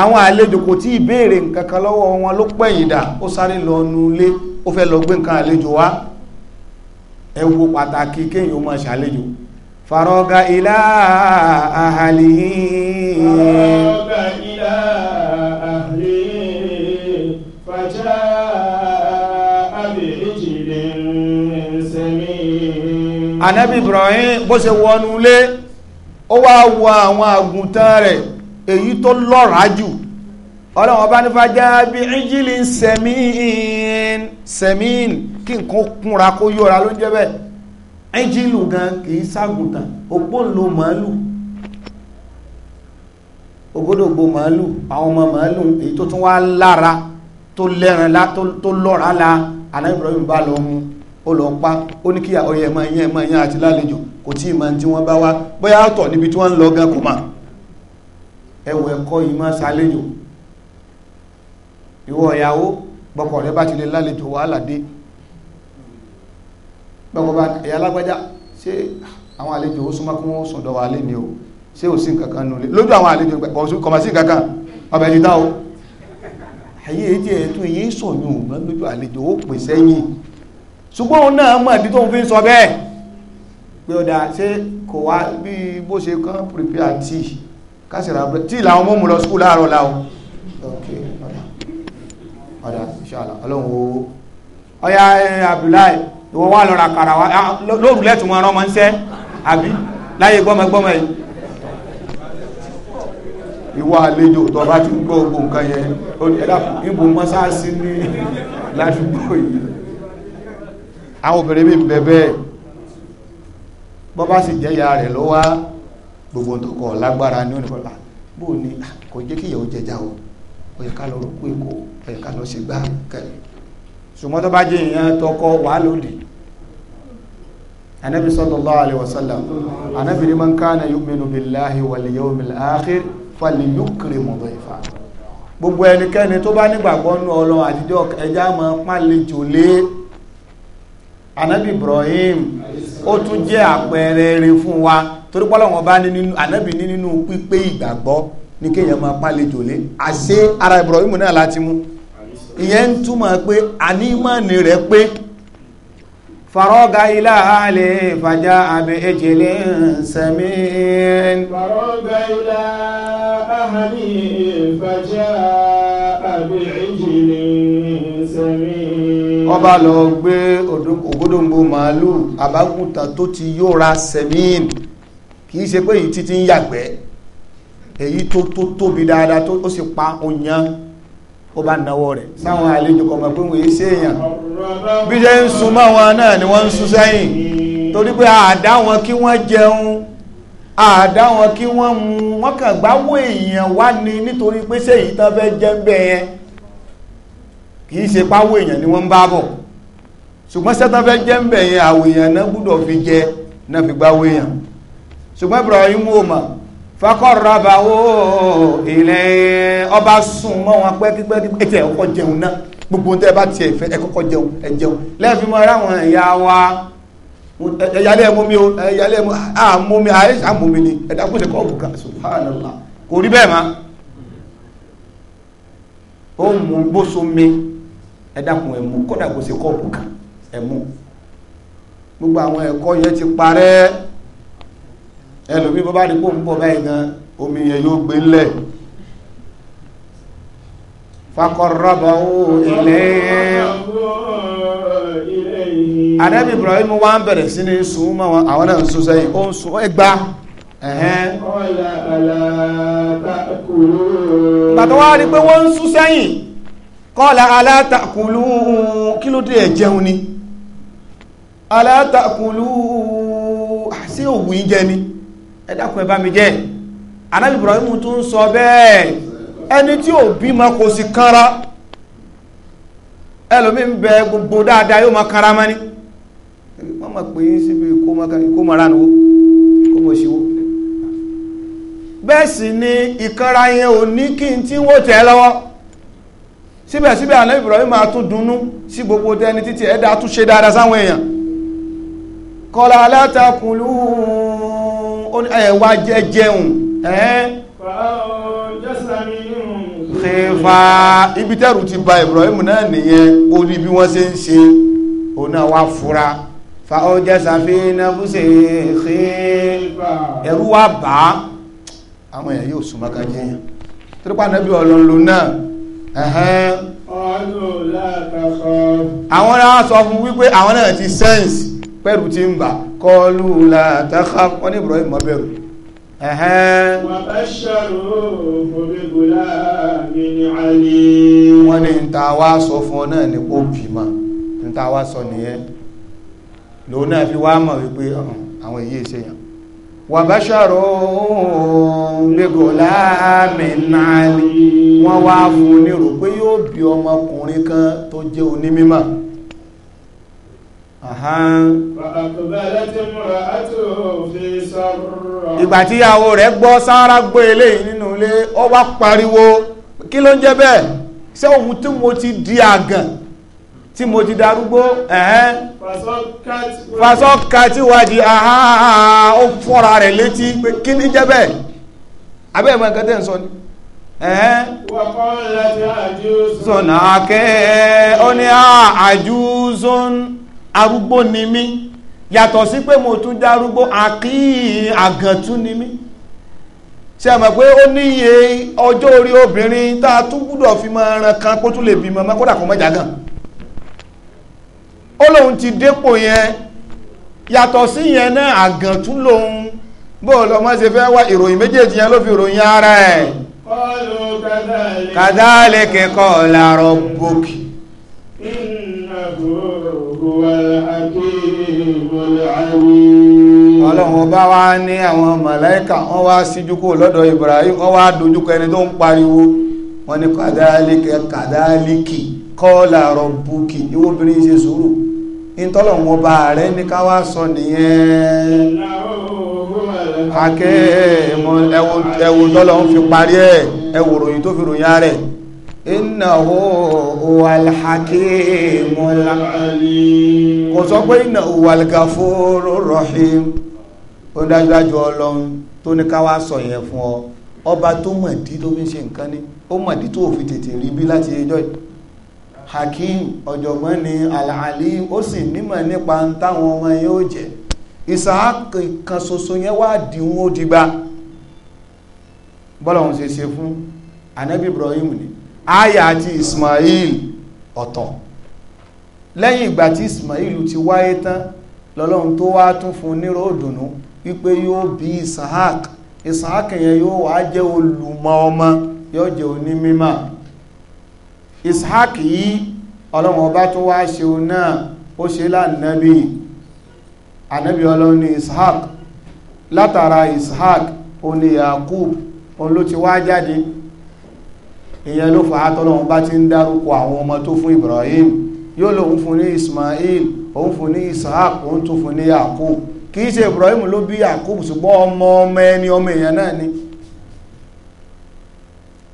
[SPEAKER 3] àwọn àlejò kò tí ìbéèrè nǹkan kan lọ́wọ́ wọn ló pẹ̀yìndà ó sáré lọ nu ilé ó fẹ́ lọ gbé nǹkan àlejò wá ẹ pàtàkì kéèyàn ó máa ṣàlejò faroga ilá ilá Ibrahim bó ṣe wọnú ilé ó wá àwọn àgùntàn rẹ̀ èyí tó lọ́ràá jù ọlọ́wọ́n bá ní fàjà bí ìjìlì sẹ̀míìn sẹ̀míìn kí nǹkan kúnra kó yóra ló ń jẹ́ bẹ́ẹ̀ ìjìlù gan kìí ságùntàn ògbóǹlo màálù ògbódògbò màálù àwọn ọmọ màálù èyí tó tún wá lára tó lẹ́ran la tó lọ́ra la àná Ibrahim bá lọ mu ó lọ pa ó ní kí ọyẹ ẹ̀mọ ẹ̀yẹ ẹ̀mọ ẹ̀yẹ àti lálejò kò tí ì mọ tí wọ́n bá wá bóyá ọ̀tọ̀ níbi tí wọ́n ń lọ gan kò máa ẹwọ ẹ̀kọ́ ìmọ̀ ṣàlejò ìwọ ìyàwó bọ́kọ̀ rẹ bá ti lè lálejò wàhálà dé bọ́kọ̀ bá ẹ̀yà lágbájá ṣé àwọn àlejò ó súnmọ́ kún sùn dọ̀wà alé ni o ṣé ò sí nǹkan kan nù lójú àwọn àlejò kọ̀mọ̀ sí nǹkan kan ọbẹ̀ ti dá o ayé etí ẹ̀ tún èyí sọ̀yún ògbọ́n lójú àlejò ó pè sẹ́yìn ṣùgbọ́n òun náà mọ̀ ìdí tó ń fi sọ bẹ́ẹ̀ pé ọ̀dà ṣé kò wá bí bó ṣe kán prepare tea kásìrà búrẹ́dì tí ìlàwọn mọ́mù lọ skúl láàárọ̀ láwọ́ ok ọ̀dà ọ̀dà ṣàlá ọlọ́run wo ọya Abdullahi ìwọ wà lọ́ra kàrà wá lóòrù lẹ́tù wọn rán ọmọ ń sẹ́ àbí láyé gbọ́mọ gbọ́mọ yìí ìwọ àlejò tó bá ti ń gbọ́ ogun nǹkan yẹn ó ní ẹ̀dá ìbò mọ́sáàsì ní ládùúgbò yìí àwọn obìnrin mi bẹ́ẹ̀ bọ́ bá sì jẹ́ ìyá rẹ̀ lọ́wọ́ gbogbo tó kọ̀ lágbára ní oníkọ̀lá bó ni kò jẹ́ kí ìyàwó jẹjà o ó yẹ ká lọ rò pé kò ó yẹ ká lọ ṣe gbá kẹlẹ̀ ṣùgbọ́n tó bá jẹ́ ìyẹn tọkọ wàá lòdì anabi sallallahu alaihi wasallam anabi ni man kana yu'minu billahi wal yawmil akhir falyukrim dhayfa gbogbo ẹnikẹ́ni tó bá nígbàgbọ́ nú ọlọ́run àtijọ́ ẹja mọ́ pálejò lé anabi ibrahim ó tún jẹ́ àpẹẹrẹ rere fún wa torí pọ́lọ́ wọn bá ní nínú ànábì ní nínú pípé ìgbàgbọ́ ní kéèyàn máa pálejò lé àṣé ara Ibrahim náà láti mú ìyẹn ń túmọ̀ pé ànímọ̀ni rẹ̀ pé faroga ilá àlè fàjá àbẹ ẹ̀jẹ̀lẹ̀ sẹ́mi. faroga ilá àhàní fàjá àbẹ ọba lọ gbé ògódòǹgbò màálù àbágùntàn tó ti yóra sẹ́mi kì í ṣe pé èyí títí ń yàgbẹ́ èyí tó tó tóbi dáadáa tó ó sì pa oyan ó bá náwó rẹ̀ sáwọn àlejò kọmọ pé wọ́n ṣe èèyàn bí jẹ́ ń sun mọ́ wọn náà ni wọ́n ń sun sẹ́yìn torí pé àdá wọn kí wọ́n jẹun àdá wọn kí wọ́n mu wọ́n kàn gbáwó èèyàn wá ni nítorí pé sẹ́yìn tán fẹ́ jẹ́ ń yẹn kì í ṣe páwó èèyàn ni wọ́n ń bá bọ̀ ṣùgbọ́n sẹ́tàn fẹ́ jẹ́ ń yẹn àwòyàn náà gbúdọ̀ fi jẹ náà fi gbáwó èèyàn ṣùgbọ́n Ibrahim wò mọ̀ fakọ́rọ̀bàwò ilẹ̀ ọba sùn mọ́ wọn pẹ́kípẹ́kí ẹ̀tẹ̀ ẹ̀kọ́ jẹun náà gbogbo tẹ́ bá tiẹ̀ fẹ́ ẹ̀kọ́kọ́ jẹun ẹ̀jẹun lẹ́ẹ̀fí mọ́ ráwọn ẹ̀yà wa ẹ̀yàlẹ́ ẹ̀mọ́mí o ẹ̀yàlẹ́ ẹ̀mọ́mí àìsàn mọ́mí ni ẹ̀dàkùnṣe kọ́ bùkà subhanallah kò rí bẹ́ẹ̀ ma ó mú gbóso mi ẹ̀dàkùn ẹ̀mú kọ́dà kò sí kọ́ bùkà ẹ̀mú gbogbo àwọn ẹ̀kọ́ yẹn ti parẹ́ ẹlòmí bó bá rí pò ń bọ̀ báyìí gan omi yẹn yóò gbé lẹ̀ fakọrọbọ ilé adébí Ibrahim wa ń bẹ̀rẹ̀ sí ní sùn mọ́ wọn àwọn náà ń sún sẹ́yìn ó ń sún ẹgbà ẹ̀hẹ́n bàtà wá rí pé wọ́n ń sún sẹ́yìn kọ́lá alátakùlù kí ló dé ẹ̀ jẹun ni alátakùlù sí òwú jẹ ni ẹ dákun ẹ bá mi jẹ́ anábì Ibrahim tún sọ bẹ́ẹ̀ ẹni tí ò bímọ kò sì kára ẹlòmí ń bẹ gbogbo dáadáa yóò ma kanra mọ́ni wọ́n mọ̀ pé síbi ìkómọ̀ra bẹ́ẹ̀ sì ni ìkanra yẹn ò ní kí n tí wọ́n tẹ̀ lọ́wọ́ síbẹ̀síbẹ̀ anábì Ibrahim dunnú sí gbogbo tẹni títí ẹ̀dá tún ṣe dáadáa sáwọn èèyàn kọ́lá ó ní ẹ wá jẹ jẹun ẹ. xefa ibi tẹ́rù ti ba Ibrahim náà nìyẹn ó rí bí ṣe ń fa ọjà sàfihàn fúnṣe xe ẹrú wa bá àwọn èèyàn yóò súnmọ́ ká jẹ́ yẹn torípa nàbí ọlọ́lọ́ náà ẹ̀hẹ́n àwọn náà sọ fún wípé àwọn náà ti sẹ́ǹsì pẹ̀rù ti ń bà kọlu látàkà wọ́n ní Ibrahim má bẹ̀rù wọ́n ní ta wá sọ fún ọ náà ní kó bímọ ní ta wá sọ nìyẹn lòun náà fi wá mọ̀ wípé àwọn èyí ìṣẹ́yàn wà bá ṣàrò gbégò láàmìn náà wọ́n wá fún ní rò pé yóò bí ọmọkùnrin kan tó jẹ́ onímímọ̀ ìgbà tí ìyàwó rẹ̀ gbọ́ sára gbọ́ eléyìn nínú ilé ó wá pariwo kí ló ń jẹ́ bẹ́ẹ̀ ṣé ohun tí mo ti di àgàn tí mo ti darúgbó ẹ̀hẹ́n fasọ́ka tí wájì aha ó fọ́ra rẹ̀ létí pé kí ní jẹ́ bẹ́ẹ̀ abẹ́ ẹ̀mọ́ ẹ̀kẹ́ tẹ́ ń sọ ni sọ̀nà akẹ́ ó ní àjúzún arúgbó ni mí yàtọ̀ sí pé mo tún jẹ́ arúgbó àkíyìn àgàntún ni mí ṣe mọ̀ pé ó níye ọjọ́ orí obìnrin tá a tún gbúdọ̀ fi mọ ẹran kan kó tún lè bímọ mọ́ kódà kó mọ́jà gan ó lóun ti dépò yẹn yàtọ̀ sí yẹn náà àgàntún lòun bóòlù ọmọ ṣe fẹ́ wá ìròyìn méjèèjì yẹn ló fi ròyìn ara ẹ̀ kàdáàlì kẹkọ̀ọ́ làrọ̀ gbòkì ọlọ́run ọba wá ní àwọn màláíkà wọ́n wá síjú kó lọ́dọ̀ Ibrahim wọ́n wá dojúkọ ẹni tó ń pariwo wọ́n ní kàdáálíkì kàdáálíkì kọ́ọ̀lá rọ̀bùkì ìwọ́bìnrin ṣe sùúrù ìtọ́lọ̀wọ̀n ọba rẹ̀ ní ká wá sọ nìyẹn akẹ́ tọ́lọ̀ ń fi parí ẹ̀ ẹ̀wòròyìn tó fi ròyìn rẹ̀ innahu huwal hakimul alim kò sọ pé innahu huwal ghafurur rahim ó dájúdájú ọlọ́run tó ní ká wá sọ yẹn fún ọ ọba tó mọ̀dí tó fi ń ṣe nǹkan ní ó mọ̀dí tó fi tètè rí bí láti ẹjọ́ yìí hakim ọ̀jọ̀gbọ́n ni al-alim ó sì nímọ̀ nípa ń táwọn ọmọ yẹn ó jẹ́ ìsáàkì kan ṣoṣo yẹn wá dìhun ó dìgbà bọ́lọ̀hún ṣe ṣe fún anabi ibrahim ni aya àti Ismail ọ̀tọ̀ lẹ́yìn ìgbà tí Ismail ti wáyé tán lọ́lọ́run tó wá tún fún nírò òdùnnú wípé yóò bí Isahak Isahak yẹn yóò wá jẹ́ olùmọ ọmọ yóò jẹ́ onímímọ̀ Isahak yìí ọlọ́run ọba tó wá ṣeun náà ó ṣe lánàbí ànábí ọlọ́run ní Isahak látara Isahak ó ní Yakub òun ló ti wá jáde ìyẹn ló fà á tọ́lọ́run bá ti ń dárúkọ àwọn ọmọ tó fún Ibrahim yóò lòun fún ní Ismail òun fún ní Ishaq òun tó fún ní Yakub kì í ṣe Ibrahim ló bí Yakub ṣùgbọ́n ọmọ ọmọ ẹni ọmọ èèyàn náà ni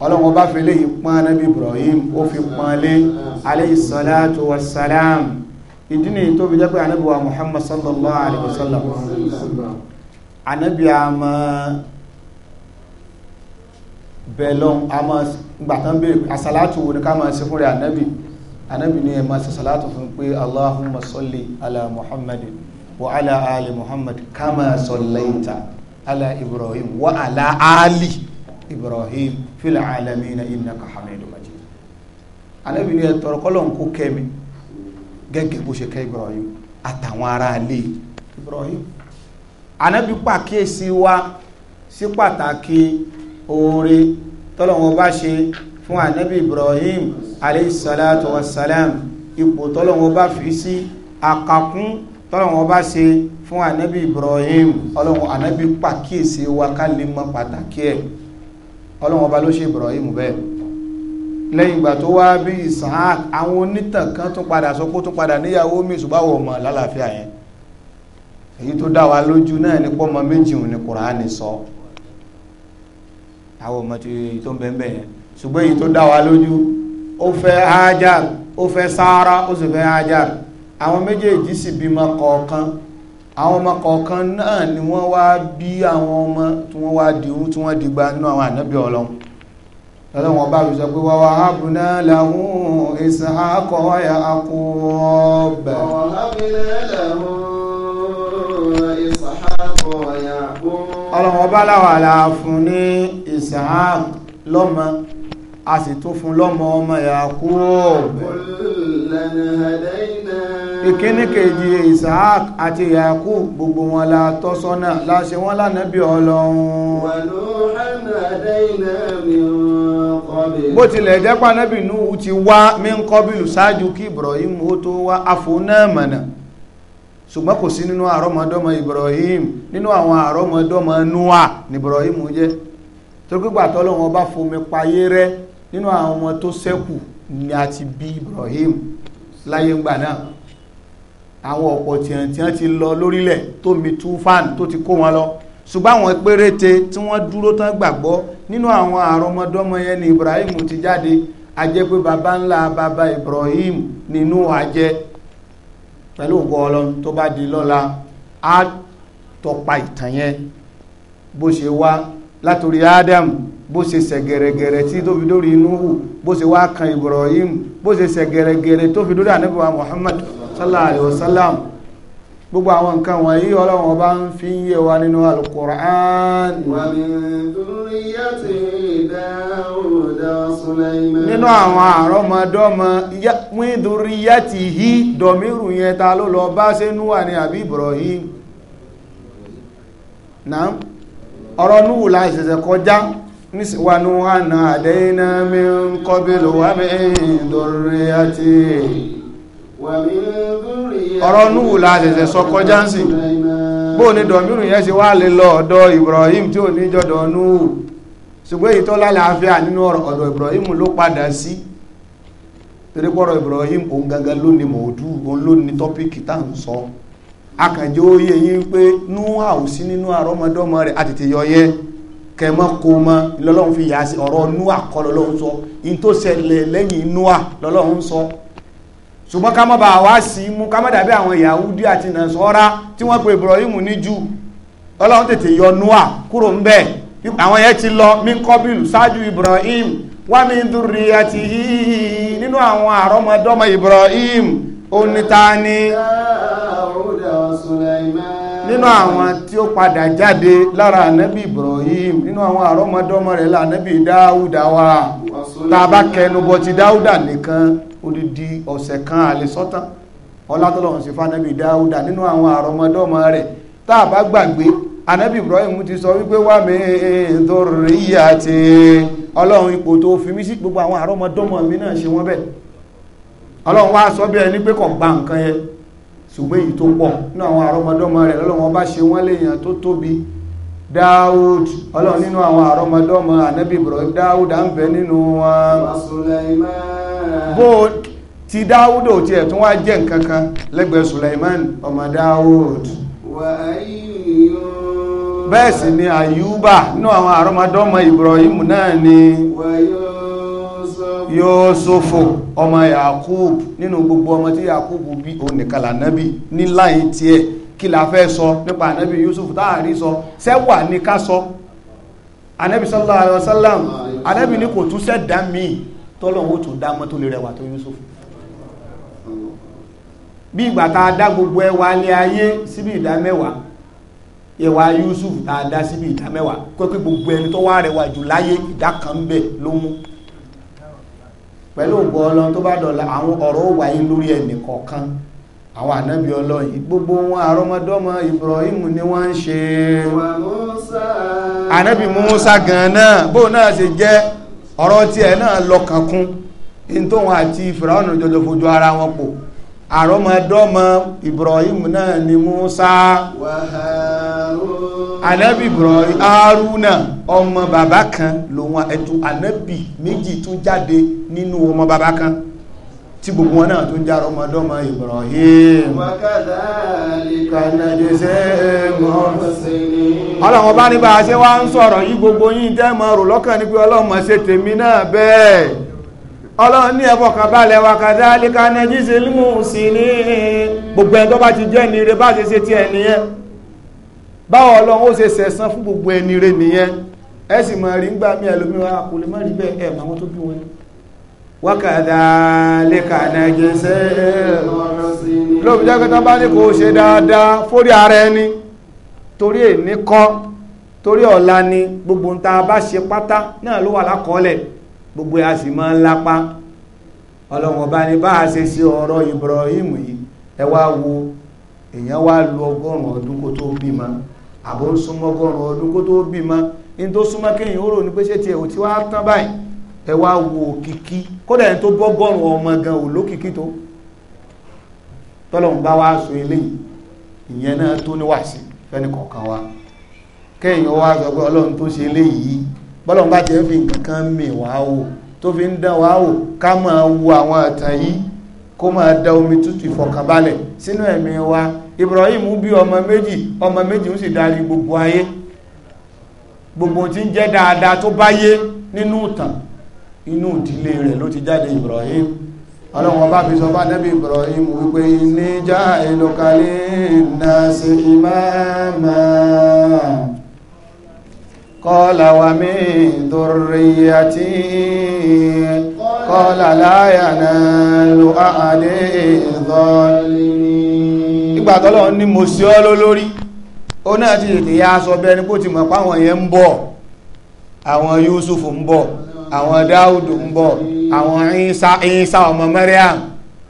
[SPEAKER 3] ọlọ́run bá fi lè pán anábì Ibrahim ó fi pán lé alayhi salatu wassalam ìdí ni tó fi jẹ́ pé wa Muhammad sallallahu alayhi wa sallam anábì a bẹ̀lọ́n a gbàtán bèèrè asàlátù wo ni ká máa ṣe fún rẹ̀ ànábì ànábì ní ẹ máa ṣe sàlátù fún pé Allahumma salli ala Muhammad wa ala ali Muhammad kama sallaita ala Ibrahim wa ala ali Ibrahim fil alamina innaka hamidu majid ànábì ní ẹ tọrọ kọ́lọ̀ ń kó kẹ́mi gẹ́gẹ́ bó ṣe kẹ́ Ibrahim àtàwọn ará ilé Ibrahim ànábì pàkíyèsí wa sí pàtàkì oore tọ́lọ́wọ́n bá ṣe fún anabi ibrahim aleyhisalatu wasalam ipò tọ́lọ́wọ́n bá fi sí akakún tọ́lọ́wọ́n bá ṣe fún anabi ibrahim ọlọ́wọ́n anabi pàkíyèsí wa ká lè mọ pàtàkì ẹ̀ ọlọ́wọ́n bá ló ṣe ibrahim bẹ́ẹ̀ lẹ́yìn ìgbà tó wá bí isaac àwọn onítàn kan tún padà sọ pé ó tún padà níyàwó mi ṣùgbọ́n àwọn ọmọ lálàáfíà yẹn èyí tó dá wa lójú náà ní pọ́mọ méjì òun ni kùránì sọ àwọn ọmọ tó ń bẹ́ẹ̀ bẹ́ẹ̀ ṣùgbọ́n èyí tó dá wa lójú ó fẹ́ Hajar ó fẹ́ Sara ó sì fẹ́ Hajar àwọn méjèèjì sì bímọ kọ̀ọ̀kan àwọn ọmọ kọ̀ọ̀kan náà ni wọ́n wá bí àwọn ọmọ tí wọ́n wá di ohun tí wọ́n di gba nínú àwọn ànábì ọlọ́run lọ́lọ́wọ́n bá rí sọ pé wà wà ábùná làwọn Ishaqa wa Yaqub ọlọ́run ọba láwà la fún ní Isaac lọ́mọ a sì tún fún lọ́mọ ọmọ Yakub ìkíní kejì Isaac àti Yakub gbogbo wọn la tọ́ sọ́nà láṣẹ wọn lánàbí ọlọ́run bó tilẹ̀ jẹ́ pànàbí Nuhu ti wá min kọ́bílù ṣáájú kí Ibrahim ó tó wá afúnámọ̀nà ṣùgbọ́n kò sí nínú àrọ́mọdọ́mọ Ibrahim nínú àwọn àrọ́mọdọ́mọ Noah ní Ibrahim jẹ́ torí pípa tọ́lọ́wọ́n bá fomi payé rẹ́ nínú àwọn ọmọ tó ṣẹ́kù ni a ti bí Ibrahim láyé ńgbà náà àwọn ọ̀pọ̀ tìǹtìǹ ti lọ lórílẹ̀ tó mi fan tó ti kó wọn lọ ṣùgbọ́n àwọn péréte tí wọ́n dúró tán gbàgbọ́ nínú àwọn àrọ́mọdọ́mọ yẹn ni Ibrahim ti jáde a jẹ́ pé baba ńlá baba Ibrahim nínú àjẹ́ pẹ̀lú ògbọ́ ọlọ́run tó bá di lọ́la á tọpa ìtàn bó ṣe wá látòrí Adam bó ṣe ṣẹ̀ gẹ̀rẹ̀gẹ̀rẹ̀ tí tó fi dórí Nuhu bó ṣe wá kan Ibrahim bó ṣe ṣẹ̀ gẹ̀rẹ̀gẹ̀rẹ̀ tó fi dórí ànábì Muhammad sallallahu alaihi wasallam gbogbo àwọn nǹkan wọ̀nyí ọlọ́run ọba ń fi ń yé wa nínú alukur'an nínú àwọn àrọ́mọdọ́mọ wíndúríyàtìhí dọ̀míru yẹn ta ló lọ bá sínú wà ní àbí Ibrahim náà ọ̀rọ̀ núwù la ìṣẹ̀ṣẹ̀ kọjá nísìwà núwà náà mi ń kọ́bílù wà mí ìdúríyàtìhí ọ̀rọ̀ núhù la ṣẹ̀ṣẹ̀ sọ kọjá ń sìn bó ní dọ̀mírù yẹn ṣe wá lè lọ ọ̀dọ̀ Ibrahim tí ò ní jọ̀dọ̀ núhù ṣùgbọ́n èyí tó lálàáfíà nínú ọ̀dọ̀ Ibrahim ló padà sí torí pọ̀rọ̀ Ibrahim òun gangan ló ní mọ̀ọ́dú òun ló ní tọ́pìkì tá à ń sọ akànjẹ́ oyè yín pé núhà ò sí nínú àrọ́mọdọ́mọ rẹ̀ àtètè yọyẹ kẹmọ́ kó mọ́ lọ́lọ́run fi yà sí ọ̀rọ̀ núhà ṣùgbọ́n ká má bàa wá sí mú ká má dàbí àwọn Yahudi àti Nasara tí wọ́n pe Ibrahim ní jù ọlọ́run tètè yọ Noah kúrò ń bẹ̀ àwọn yẹn ti lọ mí kọ́bìlù ṣáájú Ibrahim wá mi durriyatihi nínú àwọn àrọ́mọdọ́mọ Ibrahim onítàní nínú àwọn tí ó padà jáde lára ànábì Ibrahim nínú àwọn àrọ́mọdọ́mọ rẹ̀ lànábì Dáúdà wa tàbá kẹnubọ ti Dáúdà nìkan odidi ọ̀sẹ̀ kan àlè sọ́tàn ọlátọ́lọ́run sí fánẹ́bì dáúdà nínú àwọn àrọmọdọ́mọ rẹ̀ tá a bá gbàgbé anẹ́bì Ibrahim ti sọ wípé wà mí dhurriyyati ọlọ́run ipò tó fi mí sí gbogbo àwọn àrọmọdọ́mọ mi náà ṣe wọ́n bẹ́ẹ̀ ọlọ́run wá sọ bí ẹni pé kò gba nǹkan yẹn ṣùgbọ́n èyí tó pọ̀ nínú àwọn àrọmọdọ́mọ rẹ̀ lọ́lọ́run bá ṣe wọ́n léèyàn tó tóbi Dáúd ọlọ́run nínú àwọn àrọmọdọ́mọ anẹ́bì Ibrahim Dáúd à ń bẹ nínú wọn bó ti dáúdò tí ẹ̀ tún wá jẹ́ nǹkan kan lẹ́gbẹ̀ẹ́ Suleiman ọmọ dáúd bẹ́ẹ̀ sì ni àyúbà nínú àwọn àrọ́mọdọ́mọ Ibrahim náà ni Yósófò ọmọ Yakub nínú gbogbo ọmọ tí Yakub bí onìkàlà nábì ní láì tí kí la fẹ́ sọ nípa ànábì Yusuf táàrí sọ sẹ́wà ní ká sọ ànábì sallallahu alaihi wasallam ànábì ní kò tún sẹ́dá míì tọ́lọ́hún ó tún dá mọ́tò lè rẹwà tó Yusuf bí ìgbà tá a dá gbogbo ẹwà ilé ayé síbi ìdá mẹ́wàá ẹwà Yusuf tá a dá síbi ìdá mẹ́wàá pẹ́pẹ́ gbogbo ẹni tó wá rẹwà jù láyé ìdá kan bẹ̀ ló mú pẹ̀lú ògbọ́ ọlọ́run tó bá dọ̀la àwọn ọ̀rọ̀ wáyé lórí ẹnì kọ̀ọ̀kan àwọn ànábì ọlọ́run gbogbo wọn àrọmọdọ́mọ Ibrahim ni wọ́n ń ṣe ànábì Musa gan náà bóun náà ṣe jẹ́ ọ̀rọ̀ tiẹ̀ náà lọ́kàn kún in tóun àti fìràwọ̀nù jọjọ fojú ara wọn pọ̀ àrọ́mọdọ́mọ Ibrahim náà ni Musa anabi Ibrahim Aruna ọmọ bàbá kan lòun ẹ̀tù anabi méjì tún jáde nínú ọmọ bàbá kan tí gbogbo wọn náà tó ń jára ọmọdé ọmọ Ibrahim ọlọ́wọ́n bá ní bá a ṣe wá ń sọ̀rọ̀ yí gbogbo yín tẹ́mọ̀ rò lọ́kàn ní pé ọlọ́mọ ṣe tèmi náà bẹ́ẹ̀ ọlọ́run ní ẹ̀fọ́ kan balẹ̀ wa kàdá alíkà nẹ́jí sí límù sí ní gbogbo ẹni tó bá ti jẹ́ nire bá ṣe ṣe ti ẹ̀ nìyẹn báwo ọlọ́run ó ṣe sẹ̀san fún gbogbo ẹni rẹ̀ nìyẹn ẹ sì mọ̀ rí ń gbà mí ẹlòmíràn àkùlé ah, mọ́ bẹ́ẹ̀ ẹ̀ màwọn tó bí wọn wákàdálíkà nàìjíríṣẹ́ lóbi jẹ́ pẹ́ta bá ní kò ṣe dáadáa fórí ara ẹni torí èní kọ́ torí ọ̀la ni gbogbo ń ta bá ṣe pátá náà ló wà lákọọ́lẹ̀ gbogbo a sì máa ń lápá ọlọ́run bá ṣe ṣe ọ̀rọ̀ Ibrahim yìí ẹ ní tó ẹ wá wo òkìkí kódà ẹni tó bọ́gọ́rùn ọmọ gan olókìkí tó tọ́lọ̀n bá wá sọ eléyìí ìyẹn náà tó ní wàásí fẹ́ni kọ̀ọ̀kan wa kẹ́yìn wá sọ pé ọlọ́run tó ṣe eléyìí bọ́lọ̀n bá ti ń fi nǹkan kan mì wá wò tó fi ń dán wá wò ká máa wo àwọn àtàn yìí kó máa da omi tútù ìfọ̀kànbalẹ̀ sínú ẹ̀mí wa Ibrahim bí ọmọ méjì ọmọ méjì ń sì darí gbogbo ayé gbogbo tí ń jẹ́ dáadáa tó báyé nínú ìtàn inú ìdílé rẹ̀ ló ti jáde Ibrahim ọlọ́wọ́n bá fi sọ bá nẹ́bí Ibrahim wípé inni ja'iluka linnasi imama qala wa min dhurriyyati qala la yanalu ahadi dhalimin ìgbàtọ́lọ́ ní mo sí náà ti tètè ni kó àwọn dáúdù ń bọ̀ àwọn ìsá ọmọ Mariam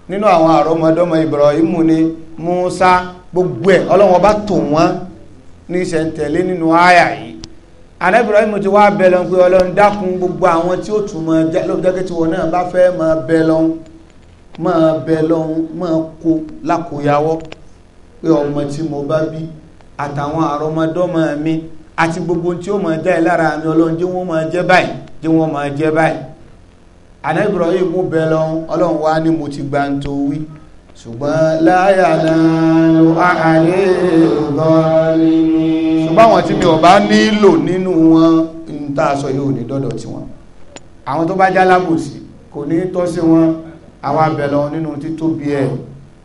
[SPEAKER 3] nínú àwọn àrọmọdọ́mọ Ibrahimu ni Musa gbogbo ẹ̀ Ọlọ́run bá tò wọ́n ní ìṣẹ̀ntẹ̀lé nínú àyà yìí àná Ibrahimu ti wá bẹ̀ lọ́n pé Ọlọ́run dákun gbogbo àwọn tí ó tún mọ lọ́jọ́kẹ́ tí wọn náà bá fẹ́ mọ bẹ̀ lọ́n mọ bẹ̀ lọ́n mọ kó lákòyàwọ́ pé ọmọ tí mo bá bí àtàwọn àrọmọdọ́mọ mi àti gbogbo tí ó máa dá ẹ lára àmì ọlọ́run jẹ́ wọ́n máa jẹ́ báyìí jẹ́ wọ́n máa jẹ́ báyìí àná Ibrahim mú bẹ lọ́hún ọlọ́run wá ní mo ti gba ń tó wí ṣùgbọ́n láyà náà àárín ìgbọ́nlẹ̀ ṣùgbọ́n àwọn tí mi ò bá nílò nínú wọn ń tá a sọ yóò ní dọ́dọ̀ tí wọn àwọn tó bá já lábòsí kò ní tọ́ sí wọn àwọn abẹ lọ nínú títóbi ẹ̀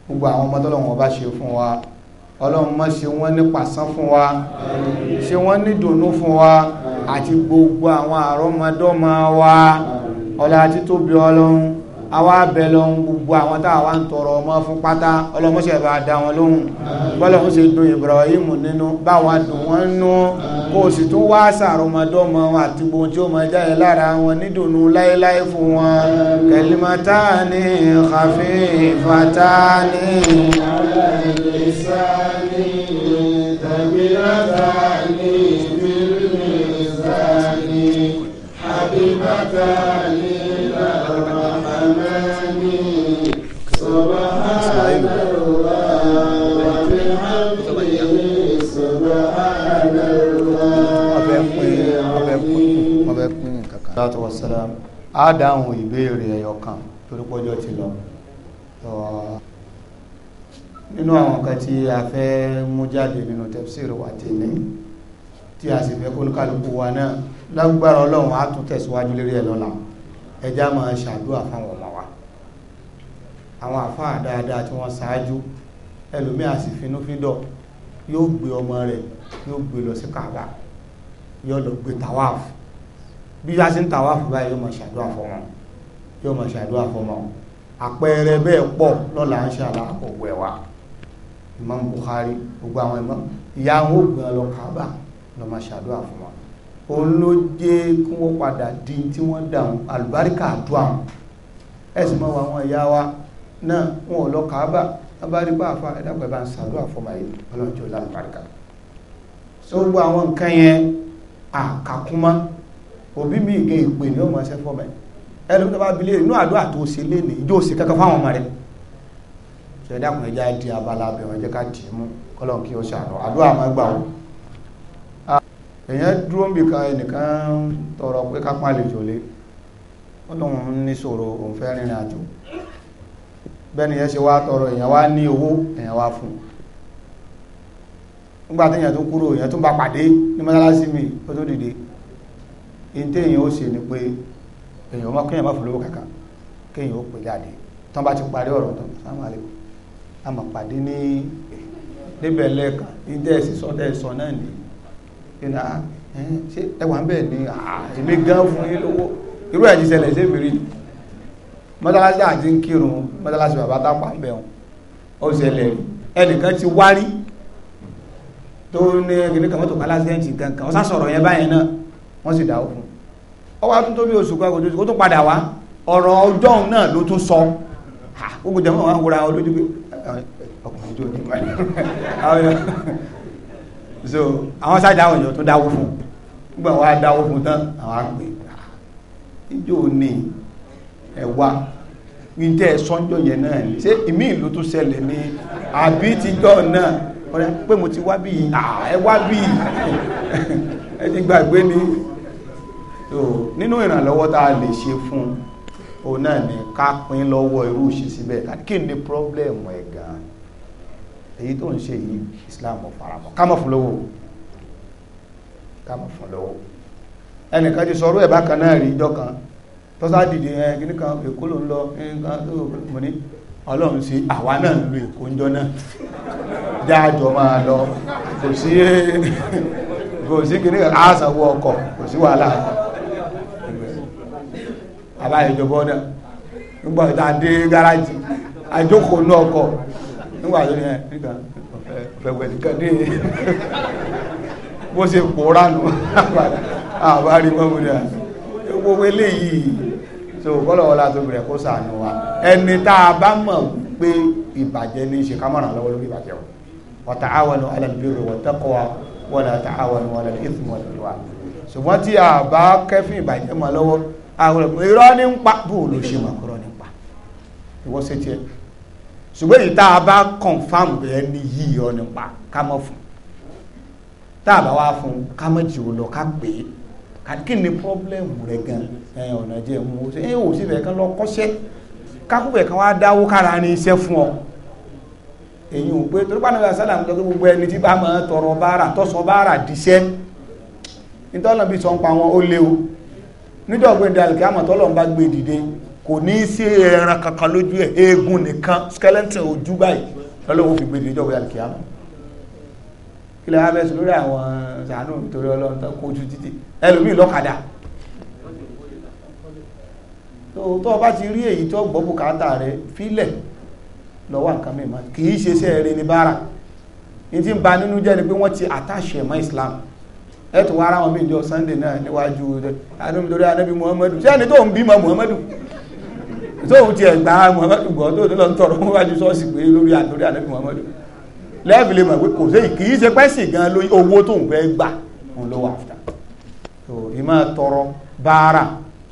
[SPEAKER 3] gbogbo àwọn ọmọ tọ́lọ́wọ́n bá ṣe fún wa ọlọ́run má ṣe wọ́n ní pàṣán fún wa ṣe wọ́n ní dùnú fún wa àti gbogbo àwọn àrọ́mọdọ́mọ wa ọlá títóbi ọlọ́run àwa bẹ̀ lọ́n gbogbo àwọn tá àwa ń tọrọ ọmọ fún pátá ọlọ́mọṣẹ́ bá dá wọn lóhùn bọ́lọ̀ ń dùn Ibrahim nínú báwa dùn wọ́n nú kó sì tún wá sàrọmọdọ́mọ àti gbogbo tí ó mọ jáde lára wọn nídùnnú láéláé fún wọn kalimatani khafifatani ala lisani thaqilatani bil habibatani salatu wa salam á dáhùn ìbéèrè ẹ̀yọ̀ kan torí pọ́jọ́ ti lọ nínú àwọn nǹkan tí a fẹ́ mú jáde nínú tafsir wa tèmi tí a sì fẹ́ kó kálukú wa náà lágbára ọlọ́run á tún tẹ̀síwájú lérí ẹ̀ lọ́la ẹjá máa ṣàdúrà fáwọn ọmọ wa àwọn àfáà dáadáa tí wọ́n ṣáájú ẹlòmíà sì finúfíndọ̀ yóò gbé ọmọ rẹ̀ yóò gbé lọ sí kàbá yóò lọ gbé tawáàfù bí a ṣe ń tàwa fún báyìí yóò máa ṣàdúrà fọmọ yóò máa ṣàdúrà fọmọ àpẹẹrẹ bẹ́ẹ̀ pọ̀ lọ́la ń ṣàlá ògbó ẹ̀wà Imam Bukhari gbogbo àwọn imam ìyá wọn ò gbìn ọ lọ kábà lọ máa ṣàdúrà fún wọn òun ló jẹ́ kí wọ́n padà di tí wọ́n dàrún àlùbáríkà àdúrà wọn ẹ̀sìn mọ́ àwọn ìyá wa náà wọn ò lọ kábà abárí àfa ẹ̀dàpẹ̀ bá ń ṣàdúrà fún yìí ọlọ́jọ́ lálùbáríkà gbogbo àwọn nǹkan yẹn àkàkúmọ́ òbí mi ìgé ìpè ní ọmọ ẹsẹ fọmọ ẹ ẹlòmí tó bá bilé inú àdúrà tó ṣe lé ní yóò ṣe kankan fáwọn ọmọ rẹ ṣẹdá kan ẹjá di abala abẹ wọn jẹ ká dì í mú kọlọn kí o ṣàánú àdúrà máa gbà wọn. èèyàn dúró ń bì kan ẹnìkan tọrọ pé ká pàlè jòlé ó lóun ní sọ̀rọ̀ òun fẹ́ rìnrìn àjò bẹ́ẹ̀ ni yẹn ṣe wá tọrọ èèyàn wá ní owó èèyàn wá fún un nígbà tí èèyàn tó kúrò èèyàn tó ń bá pàdé ní mọ́sálásí mi ó tó dìde in tí èyàn ó ni pé èyàn mọ́ kíyàn má fún lówó kankan kíyàn ó pè jáde tán bá ti parí ọ̀rọ̀ tán sáwọn a mọ̀ pàdé ní níbẹ̀ lẹ́ẹ̀kan in tẹ́ ẹ̀sì sọ́dẹ̀ ẹ̀sọ́ náà ni ìnà ah, ṣé ẹwà ń ni ah, èmi gan fún yín lówó irú ni mọ́tàlásí àti ń kírun mọ́tàlásí bàbá tápà ń bẹ̀ wọn ó ṣẹlẹ̀ ẹnìkan ti wárí tó ní ẹgbẹ̀rún kan mọ́tò kan sá sọ̀rọ̀ wọ́n sì dáwó fún ọ wá tún tó bí oṣù kan kò tó padà wá ọ̀rọ̀ ọjọ́ náà ló tún sọ gbogbo jẹ́ wọn wúra olójú pé ọkùnrin tó ní ìpàdé so àwọn sáà dáwọ̀ ìjọ tó dáwó fún gbogbo àwọn adáwó fún tán àwọn àgbè ìjọ ní ẹ̀wà níjẹ́ sọ́njọ́ yẹn náà ní ṣé ìmí ìlú tó ṣẹlẹ̀ ní àbí ti jọ náà ọ̀rẹ́ pé mo ti wá bí i ẹ wá bí i ẹ ti gbàgbé ni so nínú ìrànlọ́wọ́ tá a lè ṣe fún òun náà ni ká pín lọ́wọ́ irú ìṣesí bẹ́ẹ̀ kí ni problem ẹ̀ gan èyí tó ń ṣe yìí Islam faramọ́ ká má fún lọ́wọ́ ká má fún lọ́wọ́ ẹnìkan ti sọ̀rọ̀ ẹ̀ bákan náà rí ìjọ kan tọ́sá dìde ẹ̀ kí nìkan èkó ló ń lọ nǹkan tó mọ̀ ní ọlọ́run sí àwa náà ń lo èkó ń jọ náà dájọ́ máa lọ kò sí kò sí kìnnìkan á sanwó ọkọ̀ kò sí wàhálà àbáyọjọ bọ́dà nígbà tá a dé garaji, àjókòó náà kọ nígbà tó yẹn nígbà fẹ̀wẹ̀ nìkan dé bó ṣe pòórá nù àbárí mọ́mú ni gbogbo eléyìí so kọ́lọ̀wọ́lá tó bẹ̀rẹ̀ kó sàánú wa ẹni tá a bá mọ̀ pé ìbàjẹ́ ní ṣe ká mọ̀ràn lọ́wọ́ lórí ìbàjẹ́ wọn wa ta'awanu 'alal birri wat taqwa wa la ta'awanu 'alal ithmi wal 'udwan a bá kẹ́fìn ìbàjẹ́ mọ̀ lọ́wọ́ àwọn irọ́ ní ń pa bó ló ṣe mọ̀ kúrọ́ ní pa ìwọ́ sí tiẹ̀ ṣùgbọ́n èyí tá a bá confam bẹ́ẹ̀ ní yíyọ nípa ká mọ̀ fún tá a bá wá fún ká mọ̀ jì ó lọ ká pè é kí ni pọ́blẹ́mù rẹ̀ gan ẹ̀ ọ̀nà jẹ́ mú ó ṣe é ò sí bẹ̀ẹ̀ kan lọ kọ́ṣẹ́ kákúbẹ̀ kan wá dáwó kára ní iṣẹ́ fún ọ èyí ò pé torípa náà sálà ń tọ́jú gbogbo ẹni tí bá máa tọrọ báárà tọ́sọ báárà díṣẹ́ nítọ́nà bí sọ ń pa wọn ó léwu nídọ̀gbìn dalẹ̀ kí àmọ̀ tọ́lọ̀ ń bá gbé dìde kò ní í sí ẹran kankan lójú ẹ̀ eegun nìkan skeleton ojú báyìí lọ́lọ́wọ́ fi gbé dìde jọ̀gbìn dalẹ̀ kí àmọ̀ kí lè wá bẹ́ẹ̀ sọ lórí àwọn sàánù torí ọlọ́run tó kojú títì ẹlòmíì lọ́kadà tó o bá ti rí èyí tó gbọ́ bùkátà rẹ fílẹ̀ lọ́wọ́ nǹkan mìíràn kì í ṣe iṣẹ́ ní bára ní ti ń ba nínú jẹ́ ni pé wọ́n ti àtàṣe ẹ̀mọ́ Islam ẹ̀tù wá ara wọn bí ìjọ sunday náà níwájú adúmítorí anábí muhammadu ṣé ẹni tó ń bímọ muhammadu tóun ti ẹ̀gbà muhammadu gbọ́ tó lọ ń tọrọ níwájú ṣọ́ọ̀ṣì pé lórí àdórí anábí muhammadu lẹ́ẹ̀bìlẹ̀ mọ̀ pé kò sí kì í ṣe pẹ́sì gan lórí owó tó ń fẹ́ gbà ń ló wà fún tó ìmọ̀ tọrọ báárà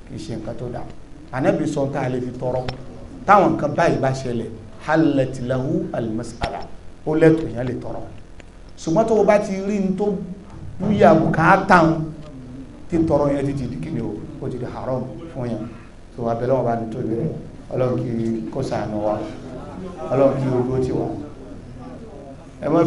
[SPEAKER 3] kì í ṣe nǹkan tó dáa anábì sọ tá lè fi tọrọ táwọn nǹkan báyìí bá ṣẹlẹ̀ halatilahu alimasala ó lẹ́tọ̀ọ́ yẹn lè tọrọ ṣùgbọ́n tó o bá ti rí ní tó búyà bùkátà ń ti tọrọ yẹn ti di kíni o ó ti di haram fún yẹn tó abẹ́lẹ́ wọn bá ní tóbi rẹ̀ ọlọ́run kí kó sàánú wa ọlọ́run kí ojú ó
[SPEAKER 2] ti